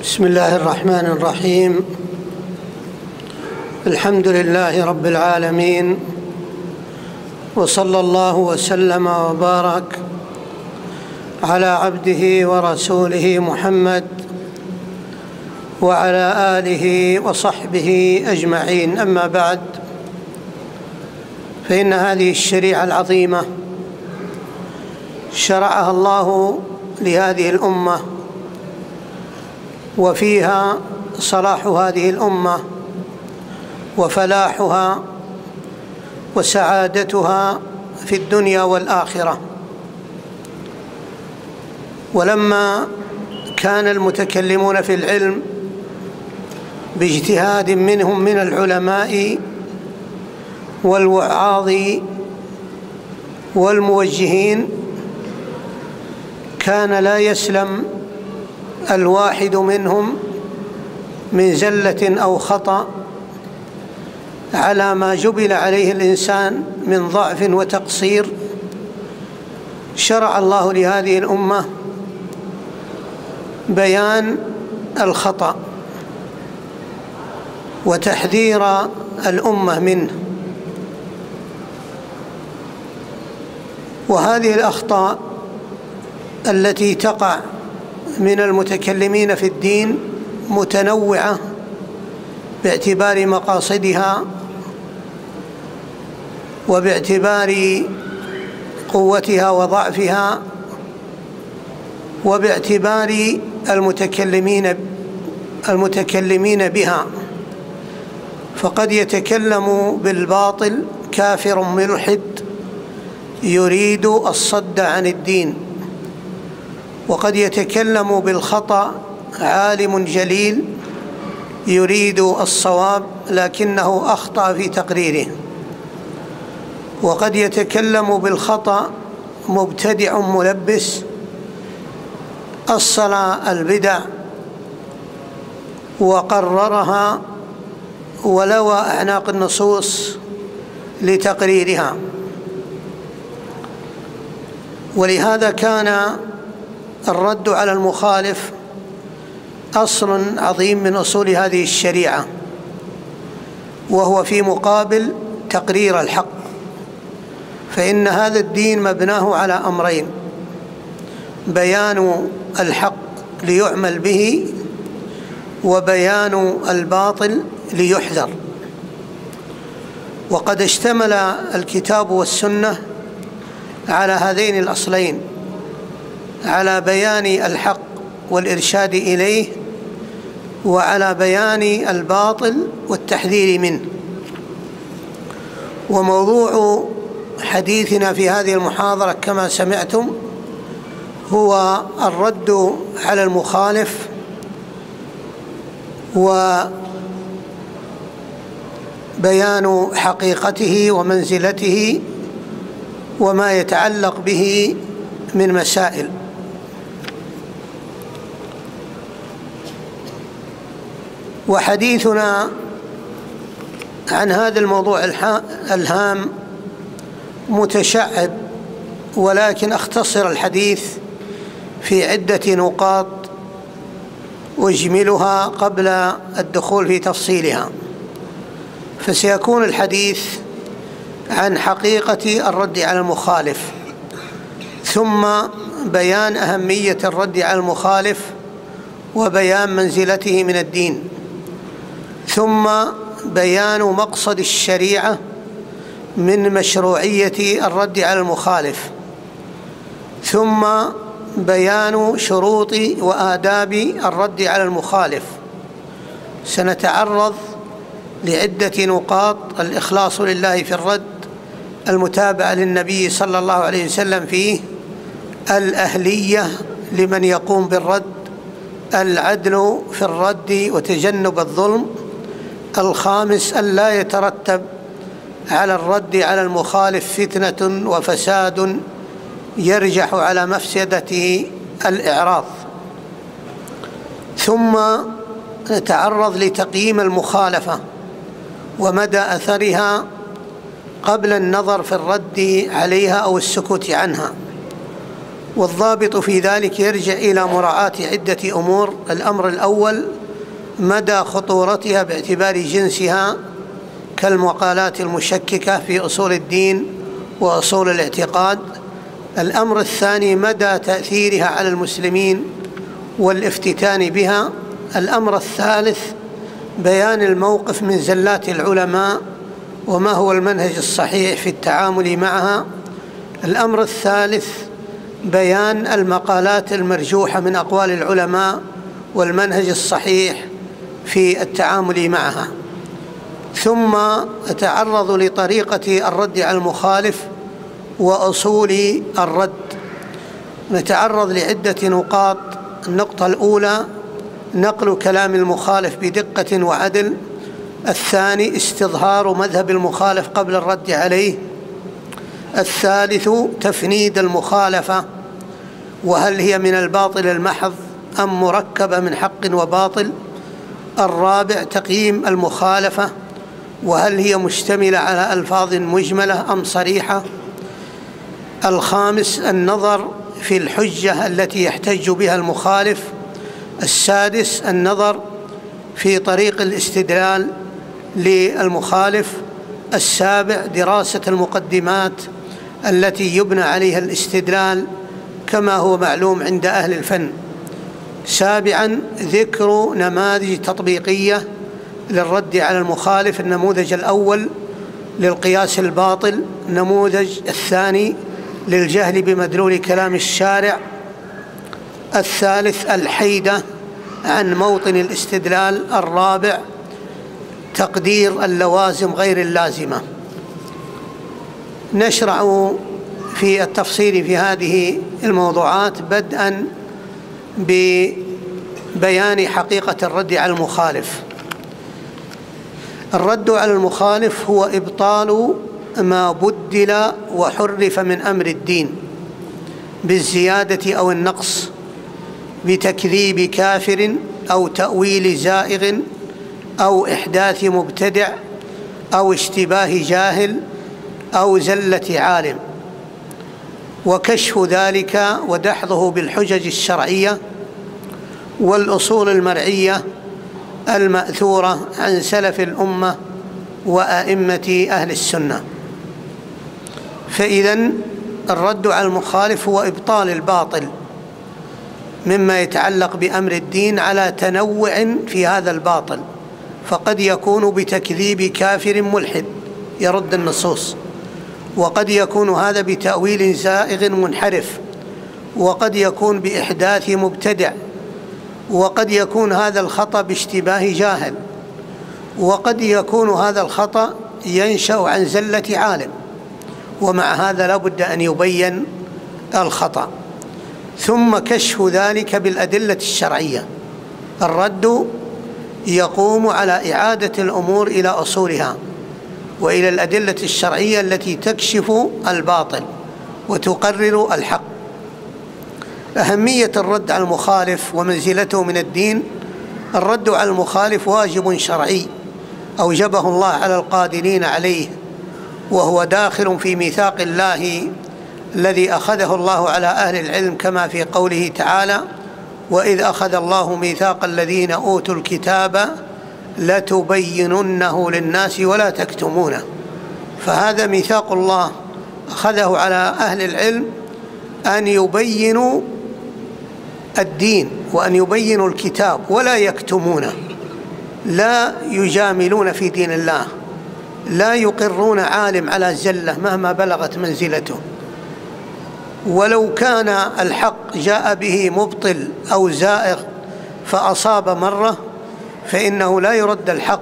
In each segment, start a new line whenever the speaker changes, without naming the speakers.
بسم الله الرحمن الرحيم الحمد لله رب العالمين وصلى الله وسلم وبارك على عبده ورسوله محمد وعلى اله وصحبه اجمعين اما بعد فان هذه الشريعه العظيمه شرعها الله لهذه الامه وفيها صلاح هذه الامه وفلاحها وسعادتها في الدنيا والاخره ولما كان المتكلمون في العلم باجتهاد منهم من العلماء والوعاظ والموجهين كان لا يسلم الواحد منهم من زلة أو خطأ على ما جبل عليه الإنسان من ضعف وتقصير شرع الله لهذه الأمة بيان الخطأ وتحذير الأمة منه وهذه الأخطاء التي تقع من المتكلمين في الدين متنوعه باعتبار مقاصدها وباعتبار قوتها وضعفها وباعتبار المتكلمين المتكلمين بها فقد يتكلم بالباطل كافر ملحد يريد الصد عن الدين وقد يتكلم بالخطا عالم جليل يريد الصواب لكنه اخطا في تقريره وقد يتكلم بالخطا مبتدع ملبس اصل البدع وقررها ولوى اعناق النصوص لتقريرها ولهذا كان الرد على المخالف أصل عظيم من أصول هذه الشريعة وهو في مقابل تقرير الحق فإن هذا الدين مبناه على أمرين بيان الحق ليعمل به وبيان الباطل ليحذر وقد اشتمل الكتاب والسنه على هذين الاصلين على بيان الحق والارشاد اليه وعلى بيان الباطل والتحذير منه وموضوع حديثنا في هذه المحاضره كما سمعتم هو الرد على المخالف وبيان حقيقته ومنزلته وما يتعلق به من مسائل وحديثنا عن هذا الموضوع الهام متشعب ولكن اختصر الحديث في عده نقاط اجملها قبل الدخول في تفصيلها فسيكون الحديث عن حقيقه الرد على المخالف ثم بيان اهميه الرد على المخالف وبيان منزلته من الدين ثم بيان مقصد الشريعه من مشروعيه الرد على المخالف ثم بيان شروط واداب الرد على المخالف سنتعرض لعده نقاط الاخلاص لله في الرد المتابعه للنبي صلى الله عليه وسلم فيه الاهليه لمن يقوم بالرد العدل في الرد وتجنب الظلم الخامس ألا يترتب على الرد على المخالف فتنة وفساد يرجح على مفسدته الإعراض ثم نتعرض لتقييم المخالفة ومدى أثرها قبل النظر في الرد عليها أو السكوت عنها والضابط في ذلك يرجع إلى مراعاة عدة أمور الأمر الأول مدى خطورتها باعتبار جنسها كالمقالات المشككة في أصول الدين وأصول الاعتقاد الأمر الثاني مدى تأثيرها على المسلمين والافتتان بها الأمر الثالث بيان الموقف من زلات العلماء وما هو المنهج الصحيح في التعامل معها الأمر الثالث بيان المقالات المرجوحة من أقوال العلماء والمنهج الصحيح في التعامل معها ثم أتعرض لطريقة الرد على المخالف وأصول الرد نتعرض لعدة نقاط النقطة الأولى نقل كلام المخالف بدقة وعدل الثاني استظهار مذهب المخالف قبل الرد عليه الثالث تفنيد المخالفة وهل هي من الباطل المحض أم مركبة من حق وباطل؟ الرابع تقييم المخالفة وهل هي مشتملة على ألفاظ مجملة أم صريحة الخامس النظر في الحجة التي يحتج بها المخالف السادس النظر في طريق الاستدلال للمخالف السابع دراسة المقدمات التي يبنى عليها الاستدلال كما هو معلوم عند أهل الفن سابعا ذكر نماذج تطبيقية للرد على المخالف النموذج الأول للقياس الباطل النموذج الثاني للجهل بمدلول كلام الشارع الثالث الحيدة عن موطن الاستدلال الرابع تقدير اللوازم غير اللازمة نشرع في التفصيل في هذه الموضوعات بدءا ببيان حقيقة الرد على المخالف الرد على المخالف هو إبطال ما بدل وحرف من أمر الدين بالزيادة أو النقص بتكذيب كافر أو تأويل زائغ أو إحداث مبتدع أو اشتباه جاهل أو زلة عالم وكشف ذلك ودحضه بالحجج الشرعيه والأصول المرعية المأثورة عن سلف الأمة وأئمة أهل السنة فإذا الرد على المخالف هو إبطال الباطل مما يتعلق بأمر الدين على تنوع في هذا الباطل فقد يكون بتكذيب كافر ملحد يرد النصوص وقد يكون هذا بتأويل زائغ منحرف وقد يكون بإحداث مبتدع وقد يكون هذا الخطأ باشتباه جاهل وقد يكون هذا الخطأ ينشأ عن زلة عالم ومع هذا لا بد أن يبين الخطأ ثم كشف ذلك بالأدلة الشرعية الرد يقوم على إعادة الأمور إلى أصولها وإلى الأدلة الشرعية التي تكشف الباطل وتقرر الحق أهمية الرد على المخالف ومنزلته من الدين الرد على المخالف واجب شرعي أوجبه الله على القادرين عليه وهو داخل في ميثاق الله الذي أخذه الله على أهل العلم كما في قوله تعالى وإذ أخذ الله ميثاق الذين أوتوا الكتاب لتبيننه للناس ولا تكتمونه فهذا ميثاق الله أخذه على أهل العلم أن يبينوا الدين وأن يبينوا الكتاب ولا يكتمونه لا يجاملون في دين الله لا يقرون عالم على زلة مهما بلغت منزلته ولو كان الحق جاء به مبطل أو زائغ فأصاب مرة فإنه لا يرد الحق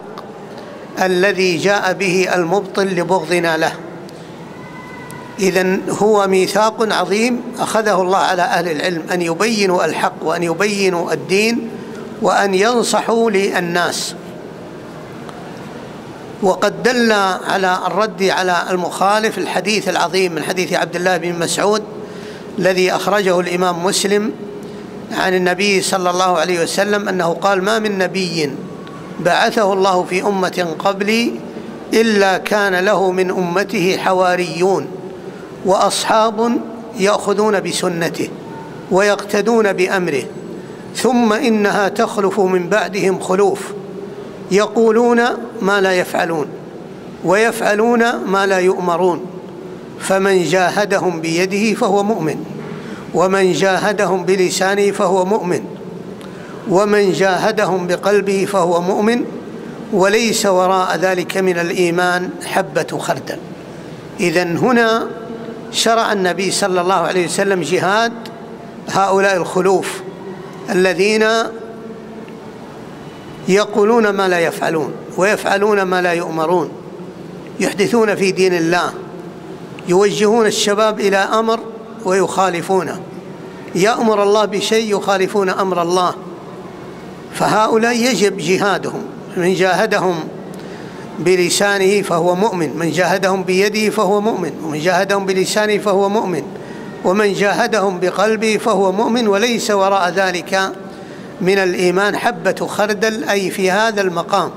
الذي جاء به المبطل لبغضنا له إذا هو ميثاق عظيم أخذه الله على أهل العلم أن يبينوا الحق وأن يبينوا الدين وأن ينصحوا للناس وقد دل على الرد على المخالف الحديث العظيم من حديث عبد الله بن مسعود الذي أخرجه الإمام مسلم عن النبي صلى الله عليه وسلم أنه قال ما من نبي بعثه الله في أمة قبلي إلا كان له من أمته حواريون واصحاب ياخذون بسنته ويقتدون بامره ثم انها تخلف من بعدهم خلوف يقولون ما لا يفعلون ويفعلون ما لا يؤمرون فمن جاهدهم بيده فهو مؤمن ومن جاهدهم بلسانه فهو مؤمن ومن جاهدهم بقلبه فهو مؤمن وليس وراء ذلك من الايمان حبه خردل اذا هنا شرع النبي صلى الله عليه وسلم جهاد هؤلاء الخلوف الذين يقولون ما لا يفعلون ويفعلون ما لا يؤمرون يحدثون في دين الله يوجهون الشباب إلى أمر ويخالفونه يأمر الله بشيء يخالفون أمر الله فهؤلاء يجب جهادهم من جاهدهم بلسانه فهو مؤمن من جاهدهم بيده فهو مؤمن ومن جاهدهم بلسانه فهو مؤمن ومن جاهدهم بقلبه فهو مؤمن وليس وراء ذلك من الإيمان حبة خردل أي في هذا المقام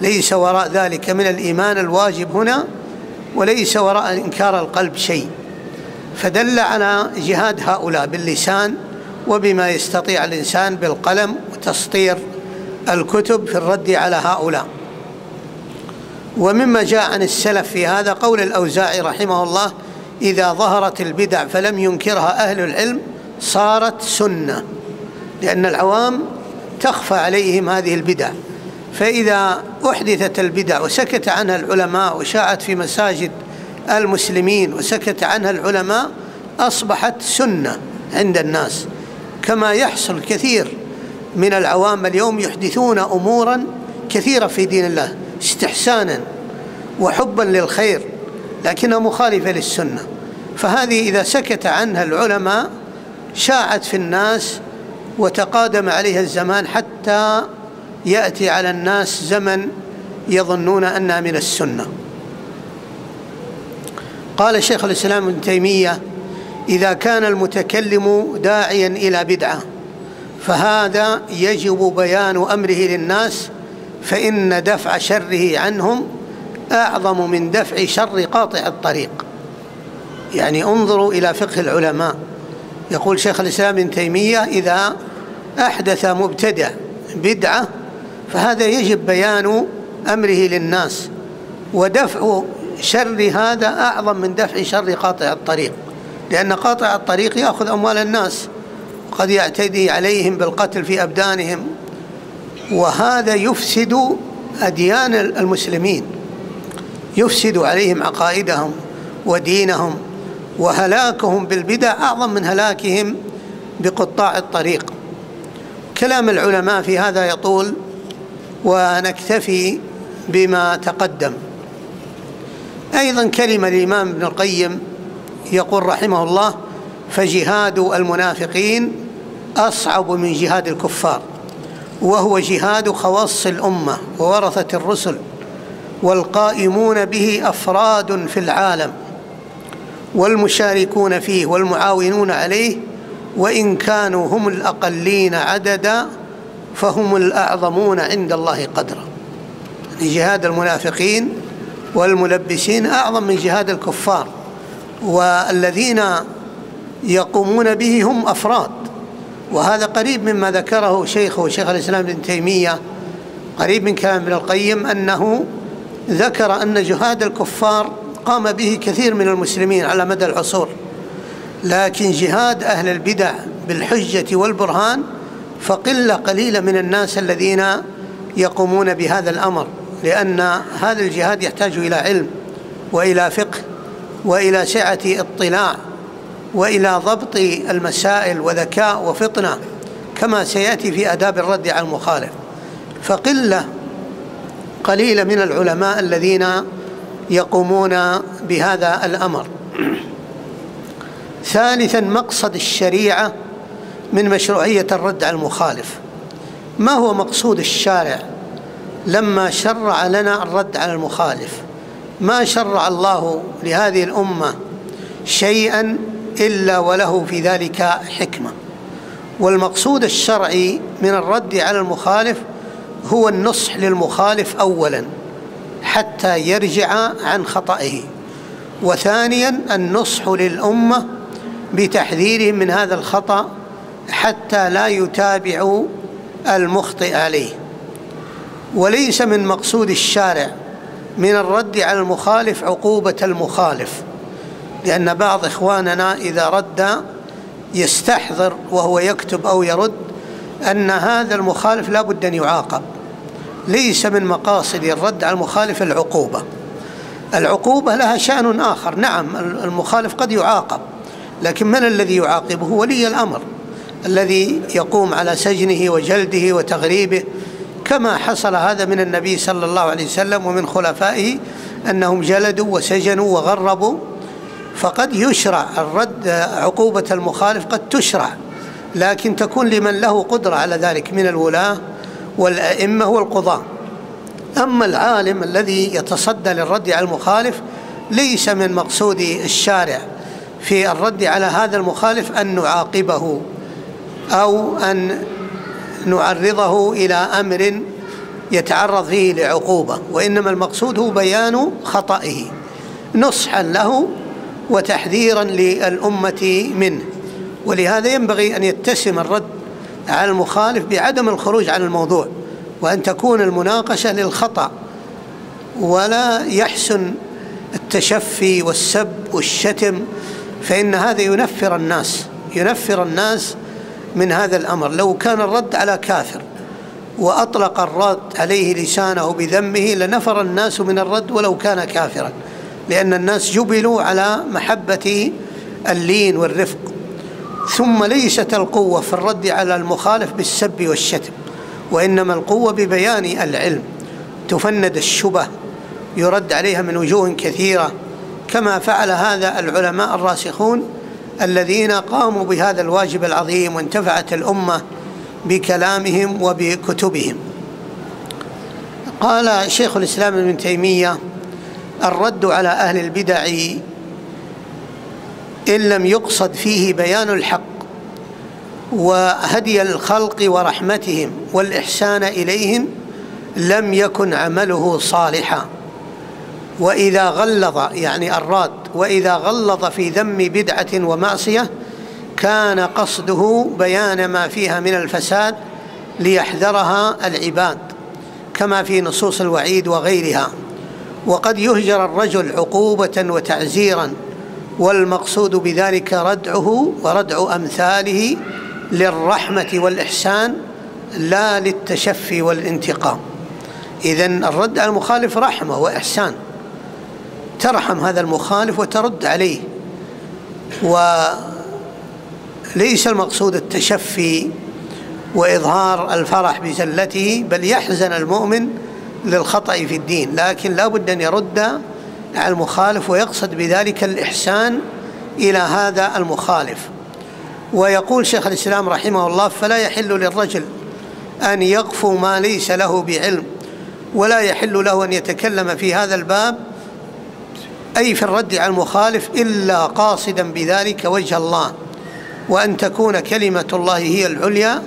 ليس وراء ذلك من الإيمان الواجب هنا وليس وراء إنكار القلب شيء فدل على جهاد هؤلاء باللسان وبما يستطيع الإنسان بالقلم وتسطير الكتب في الرد على هؤلاء ومما جاء عن السلف في هذا قول الأوزاعي رحمه الله إذا ظهرت البدع فلم ينكرها أهل العلم صارت سنة لأن العوام تخفى عليهم هذه البدع فإذا أحدثت البدع وسكت عنها العلماء وشاعت في مساجد المسلمين وسكت عنها العلماء أصبحت سنة عند الناس كما يحصل كثير من العوام اليوم يحدثون أمورا كثيرة في دين الله استحسانا وحبا للخير لكنها مخالفة للسنة فهذه إذا سكت عنها العلماء شاعت في الناس وتقادم عليها الزمان حتى يأتي على الناس زمن يظنون أنها من السنة قال شيخ الإسلام ابن تيمية إذا كان المتكلم داعيا إلى بدعة فهذا يجب بيان أمره للناس فإن دفع شره عنهم أعظم من دفع شر قاطع الطريق يعني انظروا إلى فقه العلماء يقول شيخ الإسلام ابن تيمية إذا أحدث مبتدع بدعة فهذا يجب بيان أمره للناس ودفع شر هذا أعظم من دفع شر قاطع الطريق لأن قاطع الطريق يأخذ أموال الناس قد يعتدي عليهم بالقتل في أبدانهم وهذا يفسد أديان المسلمين يفسد عليهم عقائدهم ودينهم وهلاكهم بالبدع أعظم من هلاكهم بقطاع الطريق كلام العلماء في هذا يطول ونكتفي بما تقدم أيضا كلمة الإمام ابن القيم يقول رحمه الله فجهاد المنافقين أصعب من جهاد الكفار وهو جهاد خواص الامه وورثه الرسل والقائمون به افراد في العالم والمشاركون فيه والمعاونون عليه وان كانوا هم الاقلين عددا فهم الاعظمون عند الله قدرا جهاد المنافقين والملبسين اعظم من جهاد الكفار والذين يقومون به هم افراد وهذا قريب مما ذكره شيخه شيخ الإسلام ابن تيمية قريب من كلام ابن القيم أنه ذكر أن جهاد الكفار قام به كثير من المسلمين على مدى العصور لكن جهاد أهل البدع بالحجة والبرهان فقلة قليلة من الناس الذين يقومون بهذا الأمر لأن هذا الجهاد يحتاج إلى علم وإلى فقه وإلى سعة اطلاع والى ضبط المسائل وذكاء وفطنه كما سياتي في اداب الرد على المخالف فقله قليله من العلماء الذين يقومون بهذا الامر ثالثا مقصد الشريعه من مشروعيه الرد على المخالف ما هو مقصود الشارع لما شرع لنا الرد على المخالف ما شرع الله لهذه الامه شيئا إلا وله في ذلك حكمة والمقصود الشرعي من الرد على المخالف هو النصح للمخالف أولا حتى يرجع عن خطئه وثانيا النصح للأمة بتحذيرهم من هذا الخطأ حتى لا يتابعوا المخطئ عليه وليس من مقصود الشارع من الرد على المخالف عقوبة المخالف لأن بعض إخواننا إذا رد يستحضر وهو يكتب أو يرد أن هذا المخالف لا بد أن يعاقب ليس من مقاصد الرد على المخالف العقوبة العقوبة لها شأن آخر نعم المخالف قد يعاقب لكن من الذي يعاقبه ولي الأمر الذي يقوم على سجنه وجلده وتغريبه كما حصل هذا من النبي صلى الله عليه وسلم ومن خلفائه أنهم جلدوا وسجنوا وغربوا فقد يشرع الرد عقوبة المخالف قد تشرع لكن تكون لمن له قدرة على ذلك من الولاة والأئمة والقضاة أما العالم الذي يتصدى للرد على المخالف ليس من مقصود الشارع في الرد على هذا المخالف أن نعاقبه أو أن نعرضه إلى أمر يتعرض فيه لعقوبة وإنما المقصود هو بيان خطئه نصحا له وتحذيرا للأمة منه ولهذا ينبغي أن يتسم الرد على المخالف بعدم الخروج عن الموضوع وأن تكون المناقشة للخطأ ولا يحسن التشفي والسب والشتم فإن هذا ينفر الناس ينفر الناس من هذا الأمر لو كان الرد على كافر وأطلق الرد عليه لسانه بذمه لنفر الناس من الرد ولو كان كافراً لأن الناس جبلوا على محبة اللين والرفق ثم ليست القوة في الرد على المخالف بالسب والشتم وإنما القوة ببيان العلم تفند الشبه يرد عليها من وجوه كثيرة كما فعل هذا العلماء الراسخون الذين قاموا بهذا الواجب العظيم وانتفعت الأمة بكلامهم وبكتبهم قال شيخ الإسلام ابن تيمية الرد على أهل البدع إن لم يقصد فيه بيان الحق وهدي الخلق ورحمتهم والإحسان إليهم لم يكن عمله صالحا وإذا غلظ يعني الراد وإذا غلظ في ذم بدعة ومعصية كان قصده بيان ما فيها من الفساد ليحذرها العباد كما في نصوص الوعيد وغيرها وقد يهجر الرجل عقوبة وتعزيرا والمقصود بذلك ردعه وردع أمثاله للرحمة والإحسان لا للتشفي والانتقام إذا الرد على المخالف رحمة وإحسان ترحم هذا المخالف وترد عليه وليس المقصود التشفي وإظهار الفرح بزلته بل يحزن المؤمن للخطأ في الدين لكن لا بد أن يرد على المخالف ويقصد بذلك الإحسان إلى هذا المخالف ويقول شيخ الإسلام رحمه الله فلا يحل للرجل أن يقف ما ليس له بعلم ولا يحل له أن يتكلم في هذا الباب أي في الرد على المخالف إلا قاصدا بذلك وجه الله وأن تكون كلمة الله هي العليا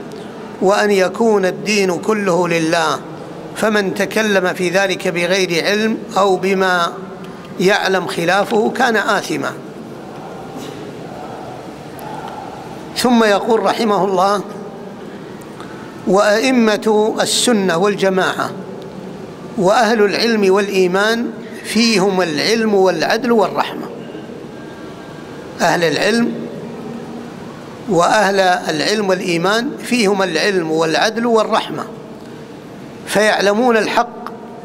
وأن يكون الدين كله لله فمن تكلم في ذلك بغير علم أو بما يعلم خلافه كان آثما ثم يقول رحمه الله وأئمة السنة والجماعة وأهل العلم والإيمان فيهم العلم والعدل والرحمة أهل العلم وأهل العلم والإيمان فيهم العلم والعدل والرحمة فيعلمون الحق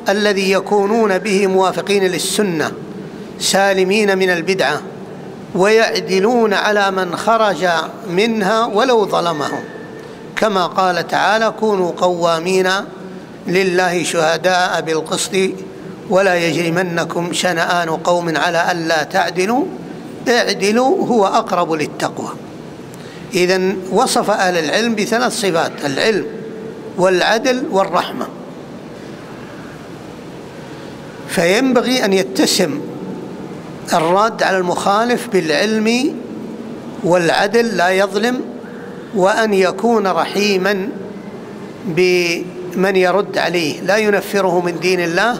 الذي يكونون به موافقين للسنه سالمين من البدعه ويعدلون على من خرج منها ولو ظلمهم كما قال تعالى كونوا قوامين لله شهداء بالقسط ولا يجرمنكم شنآن قوم على ألا تعدلوا اعدلوا هو أقرب للتقوى إذا وصف أهل العلم بثلاث صفات العلم والعدل والرحمه فينبغي ان يتسم الراد على المخالف بالعلم والعدل لا يظلم وان يكون رحيما بمن يرد عليه لا ينفره من دين الله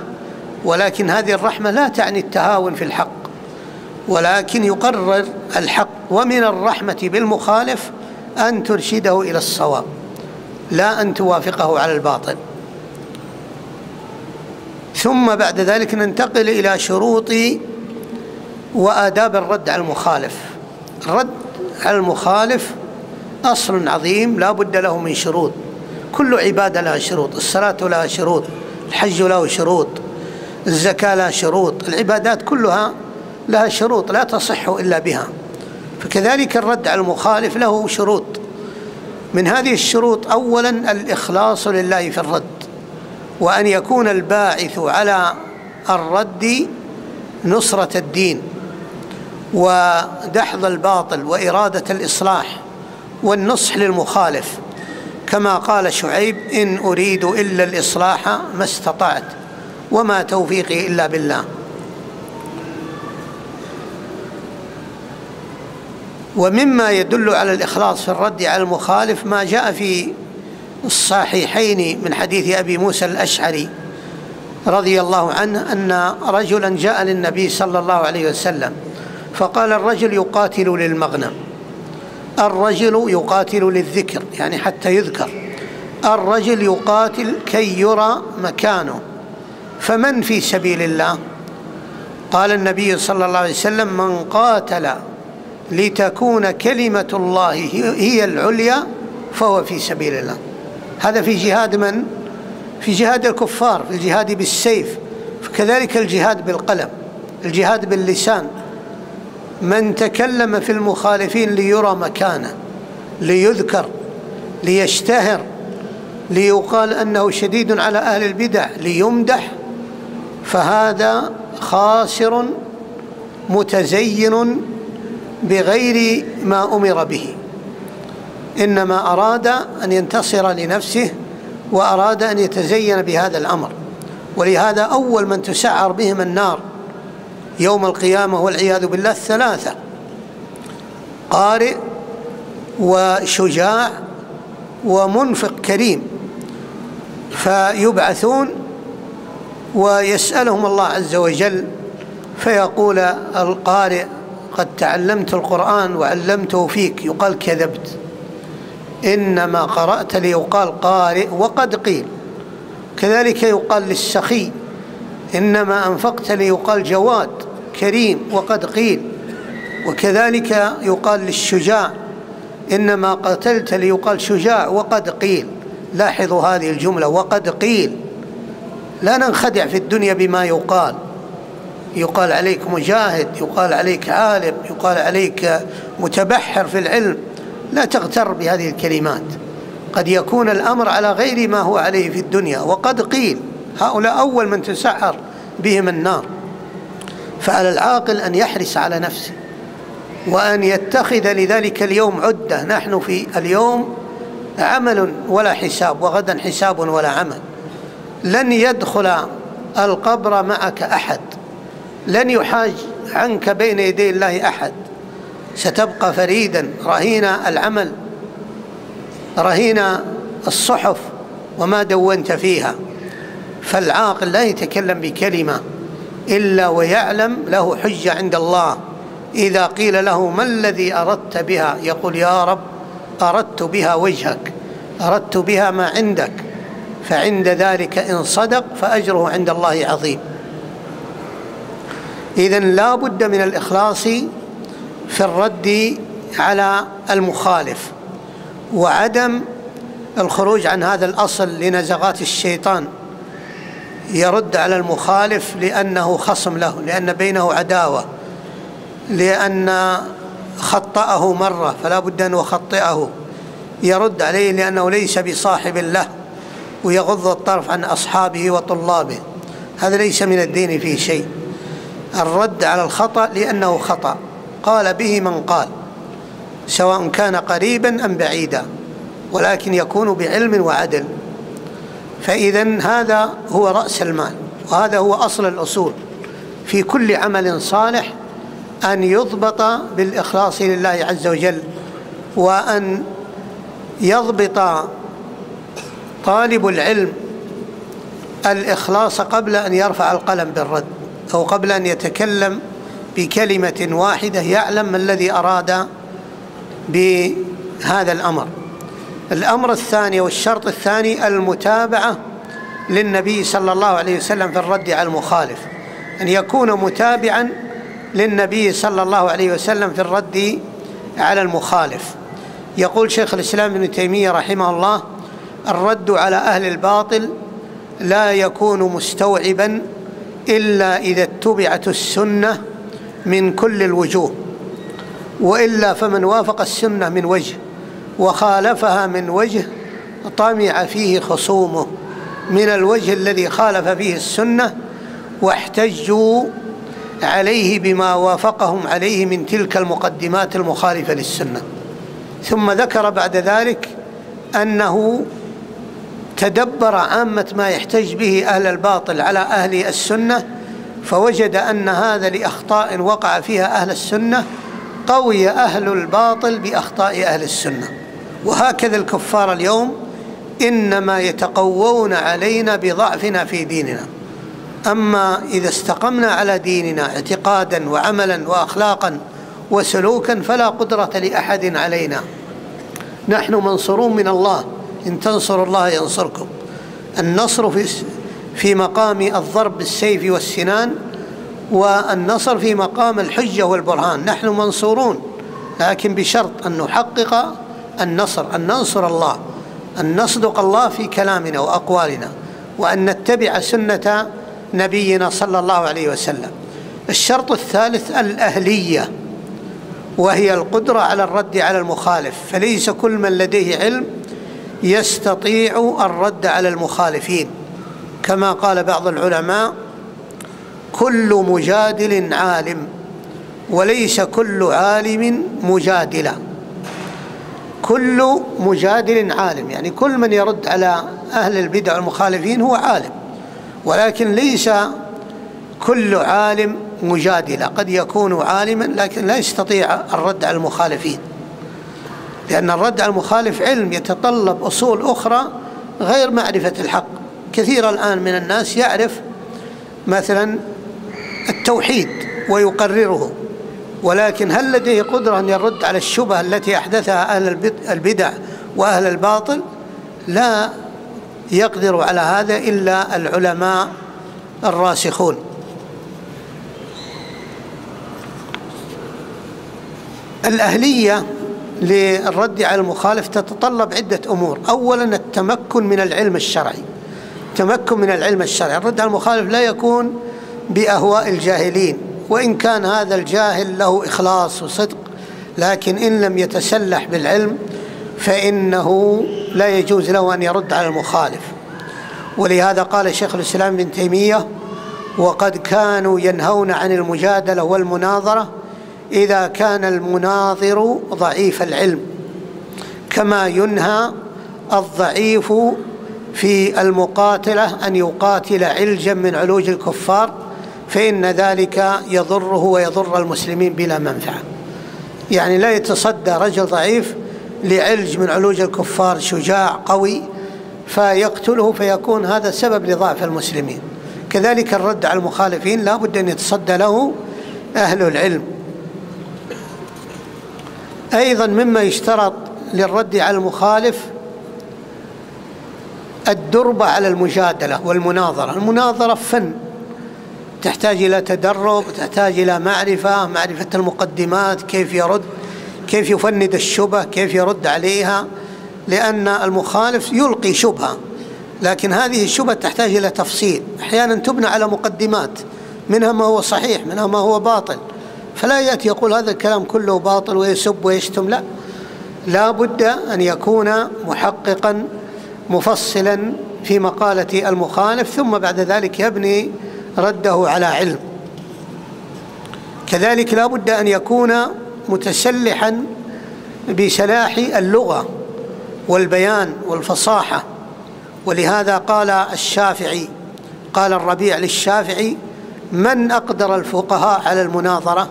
ولكن هذه الرحمه لا تعني التهاون في الحق ولكن يقرر الحق ومن الرحمه بالمخالف ان ترشده الى الصواب لا أن توافقه على الباطل ثم بعد ذلك ننتقل إلى شروط وآداب الرد على المخالف الرد على المخالف أصل عظيم لا بد له من شروط كل عبادة لها شروط الصلاة لها شروط الحج له شروط الزكاة لها شروط العبادات كلها لها شروط لا تصح إلا بها فكذلك الرد على المخالف له شروط من هذه الشروط اولا الاخلاص لله في الرد وان يكون الباعث على الرد نصره الدين ودحض الباطل واراده الاصلاح والنصح للمخالف كما قال شعيب ان اريد الا الاصلاح ما استطعت وما توفيقي الا بالله ومما يدل على الإخلاص في الرد على المخالف ما جاء في الصحيحين من حديث أبي موسى الأشعري رضي الله عنه أن رجلا جاء للنبي صلى الله عليه وسلم فقال الرجل يقاتل للمغنم الرجل يقاتل للذكر يعني حتى يذكر الرجل يقاتل كي يرى مكانه فمن في سبيل الله قال النبي صلى الله عليه وسلم من قاتل لتكون كلمة الله هي العليا فهو في سبيل الله هذا في جهاد من؟ في جهاد الكفار في الجهاد بالسيف كذلك الجهاد بالقلم الجهاد باللسان من تكلم في المخالفين ليرى مكانه ليذكر ليشتهر ليقال انه شديد على اهل البدع ليمدح فهذا خاسر متزين بغير ما امر به انما اراد ان ينتصر لنفسه واراد ان يتزين بهذا الامر ولهذا اول من تسعر بهم النار يوم القيامه والعياذ بالله الثلاثه قارئ وشجاع ومنفق كريم فيبعثون ويسالهم الله عز وجل فيقول القارئ قد تعلمت القرآن وعلمته فيك يقال كذبت إنما قرأت ليقال قارئ وقد قيل كذلك يقال للسخي إنما أنفقت ليقال جواد كريم وقد قيل وكذلك يقال للشجاع إنما قتلت ليقال شجاع وقد قيل لاحظوا هذه الجملة وقد قيل لا ننخدع في الدنيا بما يقال يقال عليك مجاهد يقال عليك عالم يقال عليك متبحر في العلم لا تغتر بهذه الكلمات قد يكون الأمر على غير ما هو عليه في الدنيا وقد قيل هؤلاء أول من تسحر بهم النار فعلى العاقل أن يحرص على نفسه وأن يتخذ لذلك اليوم عدة نحن في اليوم عمل ولا حساب وغدا حساب ولا عمل لن يدخل القبر معك أحد لن يحاج عنك بين يدي الله أحد ستبقى فريدا رهين العمل رهين الصحف وما دونت فيها فالعاقل لا يتكلم بكلمة إلا ويعلم له حجة عند الله إذا قيل له ما الذي أردت بها يقول يا رب أردت بها وجهك أردت بها ما عندك فعند ذلك إن صدق فأجره عند الله عظيم إذا لا بد من الإخلاص في الرد على المخالف وعدم الخروج عن هذا الأصل لنزغات الشيطان يرد على المخالف لأنه خصم له لأن بينه عداوة لأن خطأه مرة فلا بد أن يخطئه يرد عليه لأنه ليس بصاحب له ويغض الطرف عن أصحابه وطلابه هذا ليس من الدين فيه شيء الرد على الخطأ لأنه خطأ قال به من قال سواء كان قريبا أم بعيدا ولكن يكون بعلم وعدل فإذا هذا هو رأس المال وهذا هو أصل الأصول في كل عمل صالح أن يضبط بالإخلاص لله عز وجل وأن يضبط طالب العلم الإخلاص قبل أن يرفع القلم بالرد أو قبل أن يتكلم بكلمة واحدة يعلم ما الذي أراد بهذا الأمر الأمر الثاني والشرط الثاني المتابعة للنبي صلى الله عليه وسلم في الرد على المخالف أن يكون متابعا للنبي صلى الله عليه وسلم في الرد على المخالف يقول شيخ الإسلام ابن تيمية رحمه الله الرد على أهل الباطل لا يكون مستوعبا إلا إذا اتبعت السنة من كل الوجوه وإلا فمن وافق السنة من وجه وخالفها من وجه طمع فيه خصومه من الوجه الذي خالف فيه السنة واحتجوا عليه بما وافقهم عليه من تلك المقدمات المخالفة للسنة ثم ذكر بعد ذلك أنه تدبر عامة ما يحتج به أهل الباطل على أهل السنة فوجد أن هذا لأخطاء وقع فيها أهل السنة قوي أهل الباطل بأخطاء أهل السنة وهكذا الكفار اليوم إنما يتقوون علينا بضعفنا في ديننا أما إذا استقمنا على ديننا اعتقادا وعملا وأخلاقا وسلوكا فلا قدرة لأحد علينا نحن منصورون من الله إن تنصروا الله ينصركم النصر في في مقام الضرب بالسيف والسنان والنصر في مقام الحجة والبرهان نحن منصورون لكن بشرط أن نحقق النصر أن ننصر الله أن نصدق الله في كلامنا وأقوالنا وأن نتبع سنة نبينا صلى الله عليه وسلم الشرط الثالث الأهلية وهي القدرة على الرد على المخالف فليس كل من لديه علم يستطيع الرد على المخالفين كما قال بعض العلماء كل مجادل عالم وليس كل عالم مجادلا كل مجادل عالم يعني كل من يرد على أهل البدع والمخالفين هو عالم ولكن ليس كل عالم مجادلا قد يكون عالما لكن لا يستطيع الرد على المخالفين لأن الرد على المخالف علم يتطلب أصول أخرى غير معرفة الحق كثير الآن من الناس يعرف مثلا التوحيد ويقرره ولكن هل لديه قدرة أن يرد على الشبهة التي أحدثها أهل البدع وأهل الباطل لا يقدر على هذا إلا العلماء الراسخون الأهلية للرد على المخالف تتطلب عدة أمور أولا التمكن من العلم الشرعي تمكن من العلم الشرعي الرد على المخالف لا يكون بأهواء الجاهلين وإن كان هذا الجاهل له إخلاص وصدق لكن إن لم يتسلح بالعلم فإنه لا يجوز له أن يرد على المخالف ولهذا قال شيخ الإسلام ابن تيمية وقد كانوا ينهون عن المجادلة والمناظرة إذا كان المناظر ضعيف العلم كما ينهى الضعيف في المقاتلة أن يقاتل علجا من علوج الكفار فإن ذلك يضره ويضر المسلمين بلا منفعة يعني لا يتصدى رجل ضعيف لعلج من علوج الكفار شجاع قوي فيقتله فيكون هذا سبب لضعف المسلمين كذلك الرد على المخالفين لا بد أن يتصدى له أهل العلم أيضا مما يشترط للرد على المخالف الدربة على المجادلة والمناظرة المناظرة فن تحتاج إلى تدرب تحتاج إلى معرفة معرفة المقدمات كيف يرد كيف يفند الشبه كيف يرد عليها لأن المخالف يلقي شبهة لكن هذه الشبهة تحتاج إلى تفصيل أحيانا تبنى على مقدمات منها ما هو صحيح منها ما هو باطل فلا يأتي يقول هذا الكلام كله باطل ويسب ويشتم لا لا بد أن يكون محققا مفصلا في مقالة المخالف ثم بعد ذلك يبني رده على علم كذلك لا بد أن يكون متسلحا بسلاح اللغة والبيان والفصاحة ولهذا قال الشافعي قال الربيع للشافعي من أقدر الفقهاء على المناظرة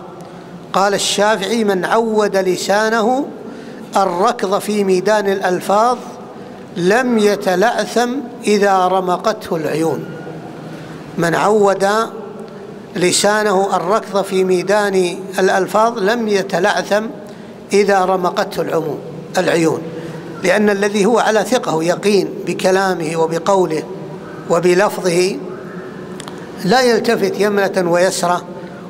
قال الشافعي من عود لسانه الركض في ميدان الألفاظ لم يتلأثم إذا رمقته العيون من عود لسانه الركض في ميدان الألفاظ لم يتلعثم إذا رمقته العموم العيون لأن الذي هو على ثقة يقين بكلامه وبقوله وبلفظه لا يلتفت يمنة ويسرة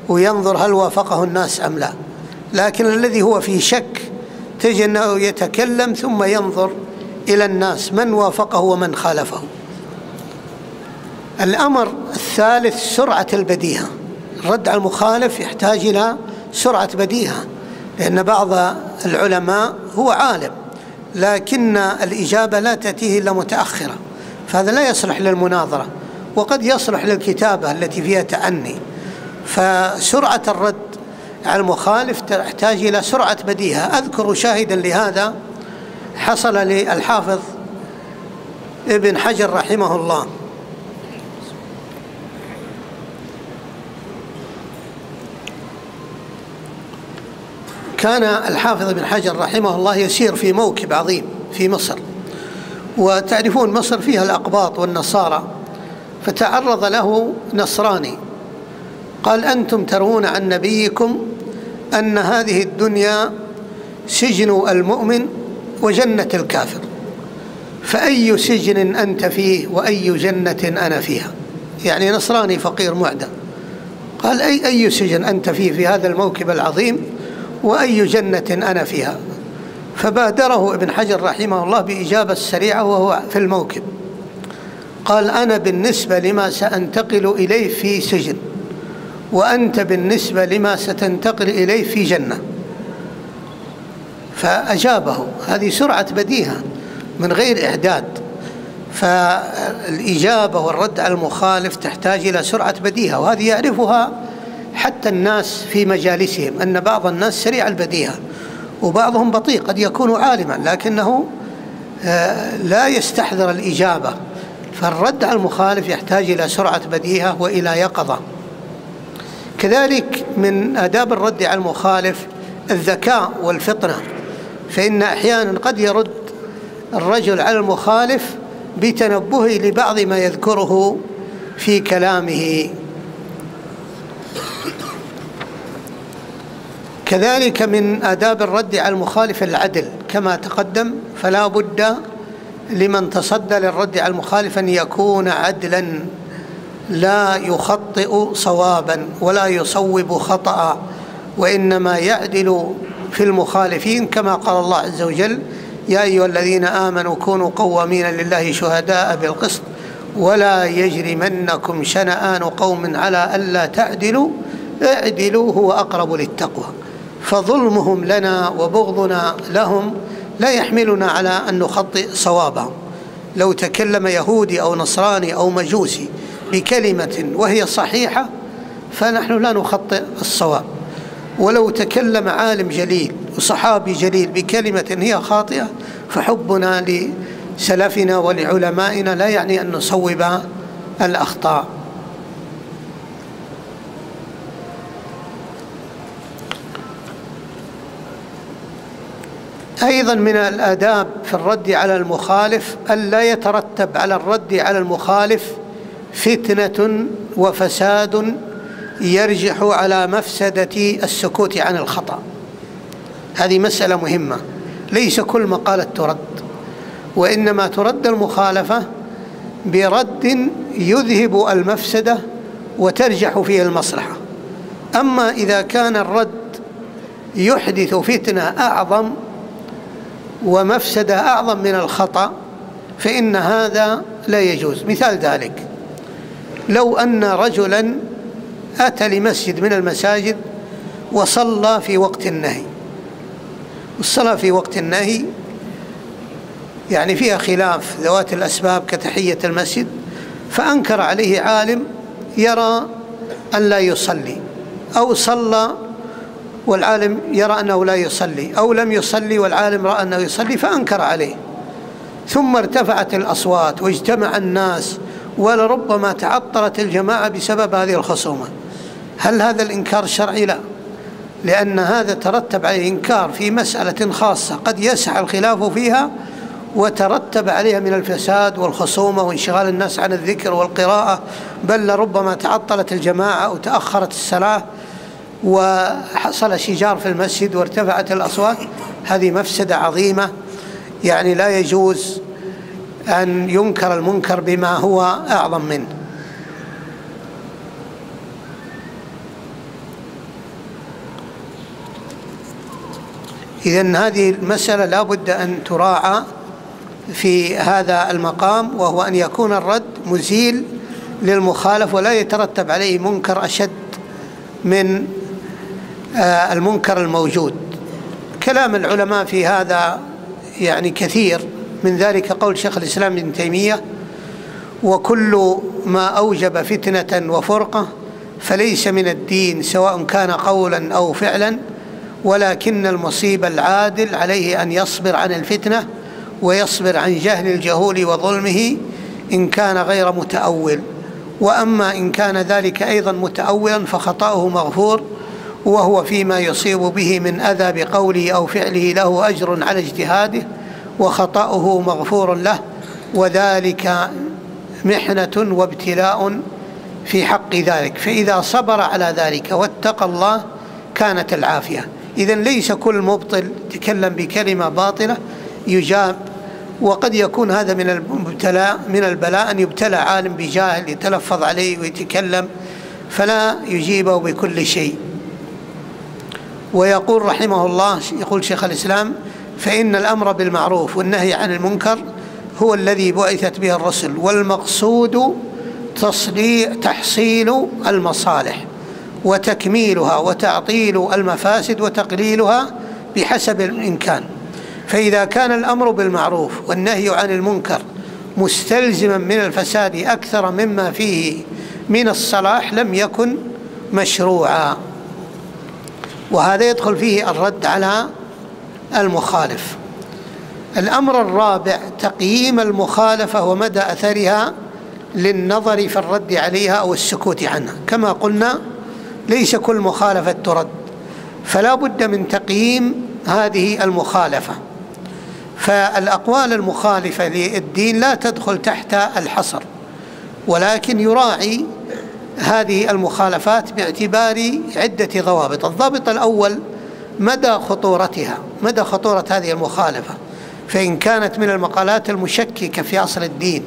وينظر هل وافقه الناس أم لا لكن الذي هو في شك تجد أنه يتكلم ثم ينظر إلى الناس من وافقه ومن خالفه الأمر الثالث سرعة البديهة الرد على المخالف يحتاج إلى سرعة بديهة لأن بعض العلماء هو عالم لكن الإجابة لا تأتيه إلا متأخرة فهذا لا يصلح للمناظرة وقد يصلح للكتابة التي فيها تأني فسرعة الرد على المخالف تحتاج إلى سرعة بديهة أذكر شاهدا لهذا حصل للحافظ ابن حجر رحمه الله كان الحافظ ابن حجر رحمه الله يسير في موكب عظيم في مصر وتعرفون مصر فيها الأقباط والنصارى فتعرض له نصراني قال أنتم ترون عن نبيكم أن هذه الدنيا سجن المؤمن وجنة الكافر فأي سجن أنت فيه وأي جنة أنا فيها يعني نصراني فقير معدى قال أي أي سجن أنت فيه في هذا الموكب العظيم وأي جنة أنا فيها فبادره ابن حجر رحمه الله بإجابة سريعة وهو في الموكب قال أنا بالنسبة لما سأنتقل إليه في سجن وأنت بالنسبة لما ستنتقل إليه في جنة فأجابه هذه سرعة بديهة من غير إعداد فالإجابة والرد على المخالف تحتاج إلى سرعة بديهة وهذه يعرفها حتى الناس في مجالسهم أن بعض الناس سريع البديهة وبعضهم بطيء قد يكون عالما لكنه آه، لا يستحضر الإجابة فالرد على المخالف يحتاج إلى سرعة بديهة وإلى يقظة كذلك من آداب الرد على المخالف الذكاء والفطنة فإن أحيانا قد يرد الرجل على المخالف بتنبهه لبعض ما يذكره في كلامه كذلك من آداب الرد على المخالف العدل كما تقدم فلا بد لمن تصدى للرد على المخالف أن يكون عدلاً لا يخطئ صوابا ولا يصوب خطأ وإنما يعدل في المخالفين كما قال الله عز وجل يا أيها الذين آمنوا كونوا قوامين لله شهداء بالقسط ولا يجرمنكم شنآن قوم على ألا تعدلوا اعدلوا هو أقرب للتقوى فظلمهم لنا وبغضنا لهم لا يحملنا على أن نخطئ صوابهم لو تكلم يهودي أو نصراني أو مجوسي بكلمة وهي صحيحة فنحن لا نخطئ الصواب ولو تكلم عالم جليل وصحابي جليل بكلمة هي خاطئة فحبنا لسلفنا ولعلمائنا لا يعني أن نصوب الأخطاء أيضا من الآداب في الرد على المخالف ألا يترتب على الرد على المخالف فتنه وفساد يرجح على مفسده السكوت عن الخطا هذه مساله مهمه ليس كل مقاله ترد وانما ترد المخالفه برد يذهب المفسده وترجح فيه المصلحه اما اذا كان الرد يحدث فتنه اعظم ومفسده اعظم من الخطا فان هذا لا يجوز مثال ذلك لو أن رجلا أتى لمسجد من المساجد وصلى في وقت النهي والصلاة في وقت النهي يعني فيها خلاف ذوات الأسباب كتحية المسجد فأنكر عليه عالم يرى أن لا يصلي أو صلى والعالم يرى أنه لا يصلي أو لم يصلي والعالم رأى أنه يصلي فأنكر عليه ثم ارتفعت الأصوات واجتمع الناس ولربما تعطلت الجماعة بسبب هذه الخصومة هل هذا الإنكار الشرعي؟ لا لأن هذا ترتب عليه إنكار في مسألة خاصة قد يسعى الخلاف فيها وترتب عليها من الفساد والخصومة وانشغال الناس عن الذكر والقراءة بل لربما تعطلت الجماعة وتأخرت الصلاة وحصل شجار في المسجد وارتفعت الأصوات هذه مفسدة عظيمة يعني لا يجوز أن ينكر المنكر بما هو أعظم منه إذا هذه المسألة لا بد أن تراعى في هذا المقام وهو أن يكون الرد مزيل للمخالف ولا يترتب عليه منكر أشد من آه، المنكر الموجود كلام العلماء في هذا يعني كثير من ذلك قول شيخ الإسلام ابن تيمية وكل ما أوجب فتنة وفرقة فليس من الدين سواء كان قولا أو فعلا ولكن المصيب العادل عليه أن يصبر عن الفتنة ويصبر عن جهل الجهول وظلمه إن كان غير متأول وأما إن كان ذلك أيضا متأولا فخطأه مغفور وهو فيما يصيب به من أذى بقوله أو فعله له أجر على اجتهاده وخطأه مغفور له وذلك محنة وابتلاء في حق ذلك فإذا صبر على ذلك واتقى الله كانت العافية إذا ليس كل مبطل تكلم بكلمة باطلة يجاب وقد يكون هذا من المبتلاء من البلاء أن يبتلى عالم بجاهل يتلفظ عليه ويتكلم فلا يجيبه بكل شيء ويقول رحمه الله يقول شيخ الإسلام فإن الأمر بالمعروف والنهي عن المنكر هو الذي بعثت به الرسل والمقصود تصلي تحصيل المصالح وتكميلها وتعطيل المفاسد وتقليلها بحسب الإمكان فإذا كان الأمر بالمعروف والنهي عن المنكر مستلزما من الفساد أكثر مما فيه من الصلاح لم يكن مشروعا وهذا يدخل فيه الرد على المخالف الأمر الرابع تقييم المخالفة ومدى أثرها للنظر في الرد عليها أو السكوت عنها كما قلنا ليس كل مخالفة ترد فلا بد من تقييم هذه المخالفة فالأقوال المخالفة للدين لا تدخل تحت الحصر ولكن يراعي هذه المخالفات باعتبار عدة ضوابط الضابط الأول مدى خطورتها مدى خطورة هذه المخالفة فإن كانت من المقالات المشككة في أصل الدين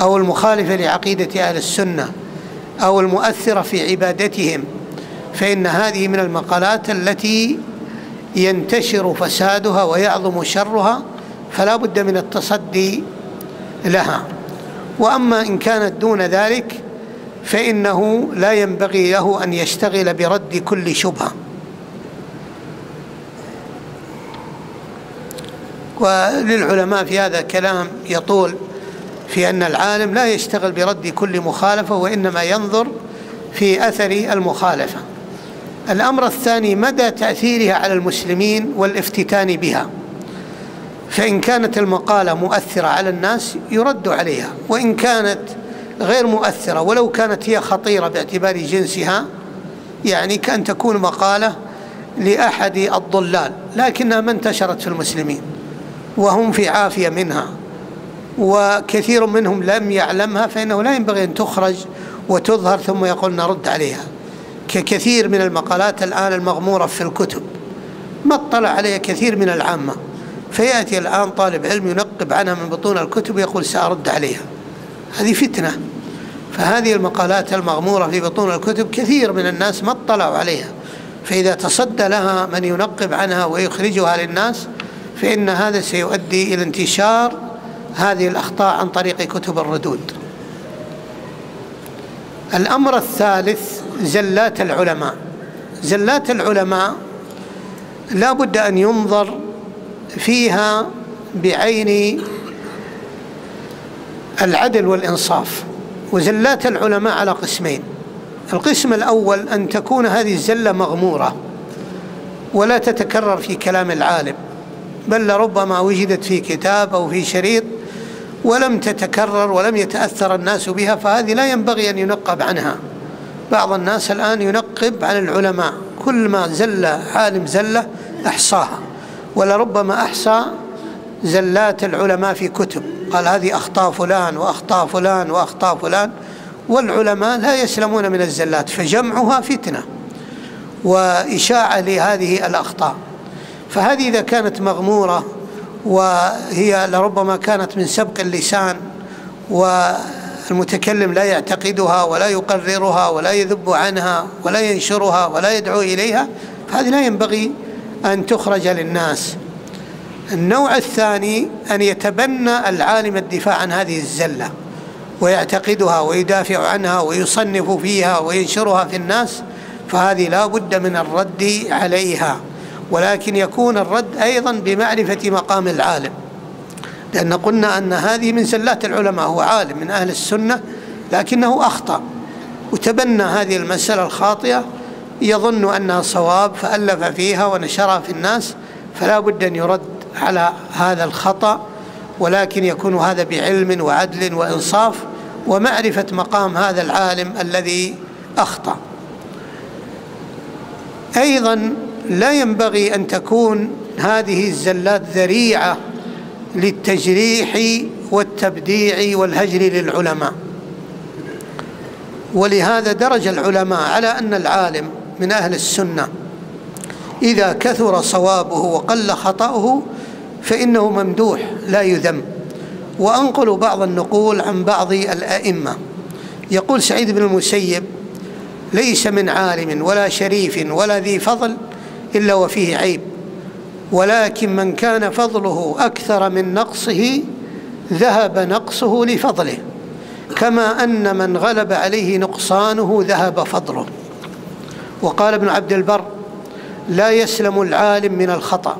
أو المخالفة لعقيدة أهل السنة أو المؤثرة في عبادتهم فإن هذه من المقالات التي ينتشر فسادها ويعظم شرها فلا بد من التصدي لها وأما إن كانت دون ذلك فإنه لا ينبغي له أن يشتغل برد كل شبهة وللعلماء في هذا كلام يطول في أن العالم لا يشتغل برد كل مخالفة وإنما ينظر في أثر المخالفة الأمر الثاني مدى تأثيرها على المسلمين والافتتان بها فإن كانت المقالة مؤثرة على الناس يرد عليها وإن كانت غير مؤثرة ولو كانت هي خطيرة باعتبار جنسها يعني كأن تكون مقالة لأحد الضلال لكنها ما انتشرت في المسلمين وهم في عافية منها وكثير منهم لم يعلمها فإنه لا ينبغي أن تخرج وتظهر ثم يقول نرد عليها ككثير من المقالات الآن المغمورة في الكتب ما اطلع عليها كثير من العامة فيأتي الآن طالب علم ينقب عنها من بطون الكتب ويقول سأرد عليها هذه فتنة فهذه المقالات المغمورة في بطون الكتب كثير من الناس ما اطلعوا عليها فإذا تصدى لها من ينقب عنها ويخرجها للناس فإن هذا سيؤدي إلى انتشار هذه الأخطاء عن طريق كتب الردود الأمر الثالث زلات العلماء زلات العلماء لا بد أن ينظر فيها بعين العدل والإنصاف وزلات العلماء على قسمين القسم الأول أن تكون هذه الزلة مغمورة ولا تتكرر في كلام العالم بل لربما وجدت في كتاب أو في شريط ولم تتكرر ولم يتأثر الناس بها فهذه لا ينبغي أن ينقب عنها بعض الناس الآن ينقب عن العلماء كل ما زل عالم زلة أحصاها ولربما أحصى زلات العلماء في كتب قال هذه أخطاء فلان وأخطاء فلان وأخطاء فلان والعلماء لا يسلمون من الزلات فجمعها فتنة وإشاعة لهذه الأخطاء فهذه إذا كانت مغمورة وهي لربما كانت من سبق اللسان والمتكلم لا يعتقدها ولا يقررها ولا يذب عنها ولا ينشرها ولا يدعو إليها فهذه لا ينبغي أن تخرج للناس النوع الثاني أن يتبنى العالم الدفاع عن هذه الزلة ويعتقدها ويدافع عنها ويصنف فيها وينشرها في الناس فهذه لا بد من الرد عليها ولكن يكون الرد أيضا بمعرفة مقام العالم لأن قلنا أن هذه من سلات العلماء هو عالم من أهل السنة لكنه أخطأ وتبنى هذه المسألة الخاطئة يظن أنها صواب فألف فيها ونشرها في الناس فلا بد أن يرد على هذا الخطأ ولكن يكون هذا بعلم وعدل وإنصاف ومعرفة مقام هذا العالم الذي أخطأ أيضا لا ينبغي ان تكون هذه الزلات ذريعه للتجريح والتبديع والهجر للعلماء ولهذا درج العلماء على ان العالم من اهل السنه اذا كثر صوابه وقل خطاه فانه ممدوح لا يذم وانقل بعض النقول عن بعض الائمه يقول سعيد بن المسيب ليس من عالم ولا شريف ولا ذي فضل إلا وفيه عيب ولكن من كان فضله أكثر من نقصه ذهب نقصه لفضله كما أن من غلب عليه نقصانه ذهب فضله وقال ابن عبد البر لا يسلم العالم من الخطأ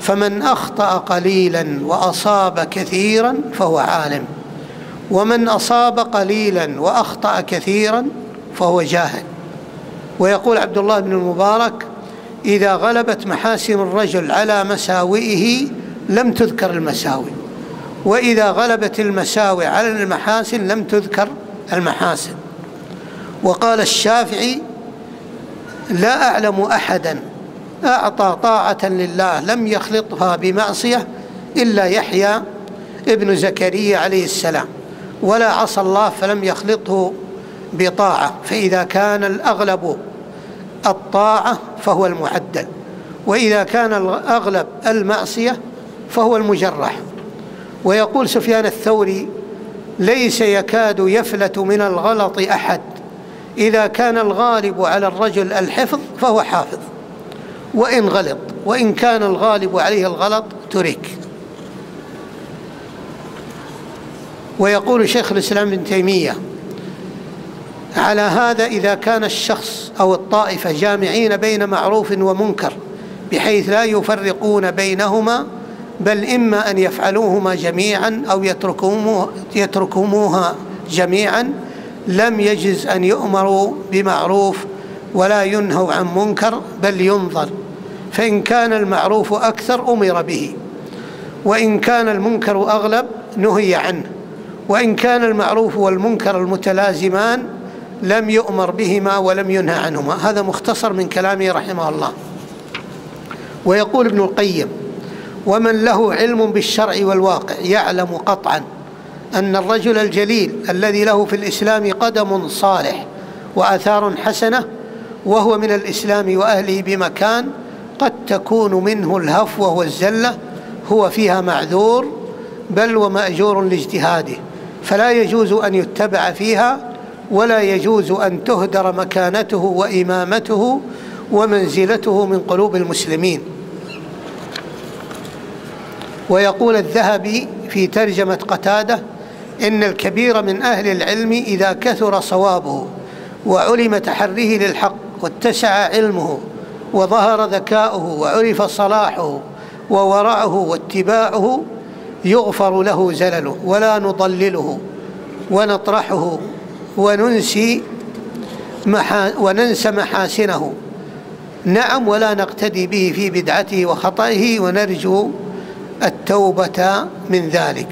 فمن أخطأ قليلا وأصاب كثيرا فهو عالم ومن أصاب قليلا وأخطأ كثيرا فهو جاهل ويقول عبد الله بن المبارك إذا غلبت محاسن الرجل على مساوئه لم تذكر المساوئ وإذا غلبت المساوئ على المحاسن لم تذكر المحاسن وقال الشافعي لا أعلم أحدا أعطى طاعة لله لم يخلطها بمعصية إلا يحيى ابن زكريا عليه السلام ولا عصى الله فلم يخلطه بطاعة فإذا كان الأغلب الطاعة فهو المعدل وإذا كان الأغلب المعصية فهو المجرح ويقول سفيان الثوري ليس يكاد يفلت من الغلط أحد إذا كان الغالب على الرجل الحفظ فهو حافظ وإن غلط وإن كان الغالب عليه الغلط ترك ويقول شيخ الإسلام ابن تيمية على هذا إذا كان الشخص أو الطائفة جامعين بين معروف ومنكر بحيث لا يفرقون بينهما بل إما أن يفعلوهما جميعا أو يتركوها جميعا لم يجز أن يؤمروا بمعروف ولا ينهوا عن منكر بل ينظر فإن كان المعروف أكثر أمر به وإن كان المنكر أغلب نهي عنه وإن كان المعروف والمنكر المتلازمان لم يؤمر بهما ولم ينهى عنهما هذا مختصر من كلامه رحمه الله ويقول ابن القيم ومن له علم بالشرع والواقع يعلم قطعا أن الرجل الجليل الذي له في الإسلام قدم صالح وآثار حسنة وهو من الإسلام وأهله بمكان قد تكون منه الهفوة والزلة هو فيها معذور بل ومأجور لاجتهاده فلا يجوز أن يتبع فيها ولا يجوز أن تهدر مكانته وإمامته ومنزلته من قلوب المسلمين ويقول الذهبي في ترجمة قتادة إن الكبير من أهل العلم إذا كثر صوابه وعلم تحريه للحق واتسع علمه وظهر ذكاؤه وعرف صلاحه وورعه واتباعه يغفر له زلله ولا نضلله ونطرحه وننسي محا وننسى محاسنه نعم ولا نقتدي به في بدعته وخطئه ونرجو التوبة من ذلك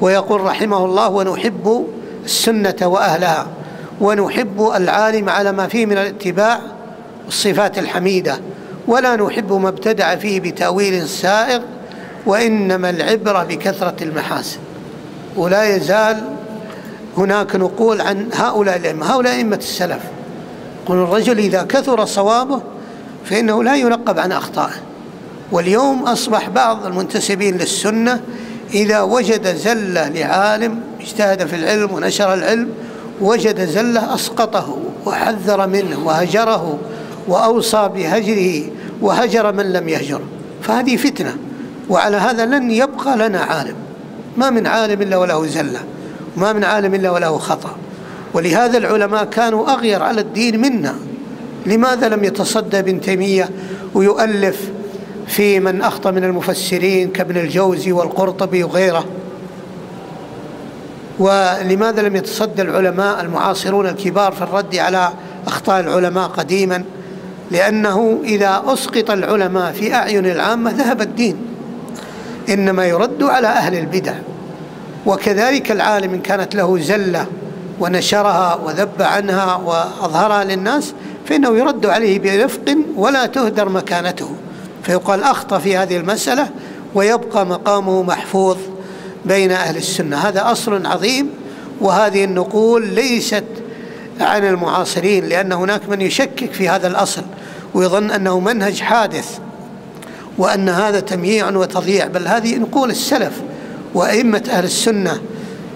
ويقول رحمه الله ونحب السنة وأهلها ونحب العالم على ما فيه من الاتباع والصفات الحميدة ولا نحب ما ابتدع فيه بتأويل سائغ وإنما العبرة بكثرة المحاسن ولا يزال هناك نقول عن هؤلاء الأئمة هؤلاء أئمة السلف يقول الرجل إذا كثر صوابه فإنه لا ينقب عن أخطائه واليوم أصبح بعض المنتسبين للسنة إذا وجد زلة لعالم اجتهد في العلم ونشر العلم وجد زلة أسقطه وحذر منه وهجره وأوصى بهجره وهجر من لم يهجر فهذه فتنة وعلى هذا لن يبقى لنا عالم ما من عالم إلا وله زلة ما من عالم إلا وله خطأ ولهذا العلماء كانوا أغير على الدين منا لماذا لم يتصدى ابن تيمية ويؤلف في من أخطأ من المفسرين كابن الجوزي والقرطبي وغيره ولماذا لم يتصدى العلماء المعاصرون الكبار في الرد على أخطاء العلماء قديما لأنه إذا أسقط العلماء في أعين العامة ذهب الدين إنما يرد على أهل البدع وكذلك العالم إن كانت له زلة ونشرها وذب عنها وأظهرها للناس فإنه يرد عليه برفق ولا تهدر مكانته فيقال أخطأ في هذه المسألة ويبقى مقامه محفوظ بين أهل السنة هذا أصل عظيم وهذه النقول ليست عن المعاصرين لأن هناك من يشكك في هذا الأصل ويظن أنه منهج حادث وأن هذا تمييع وتضييع بل هذه نقول السلف وأئمة أهل السنة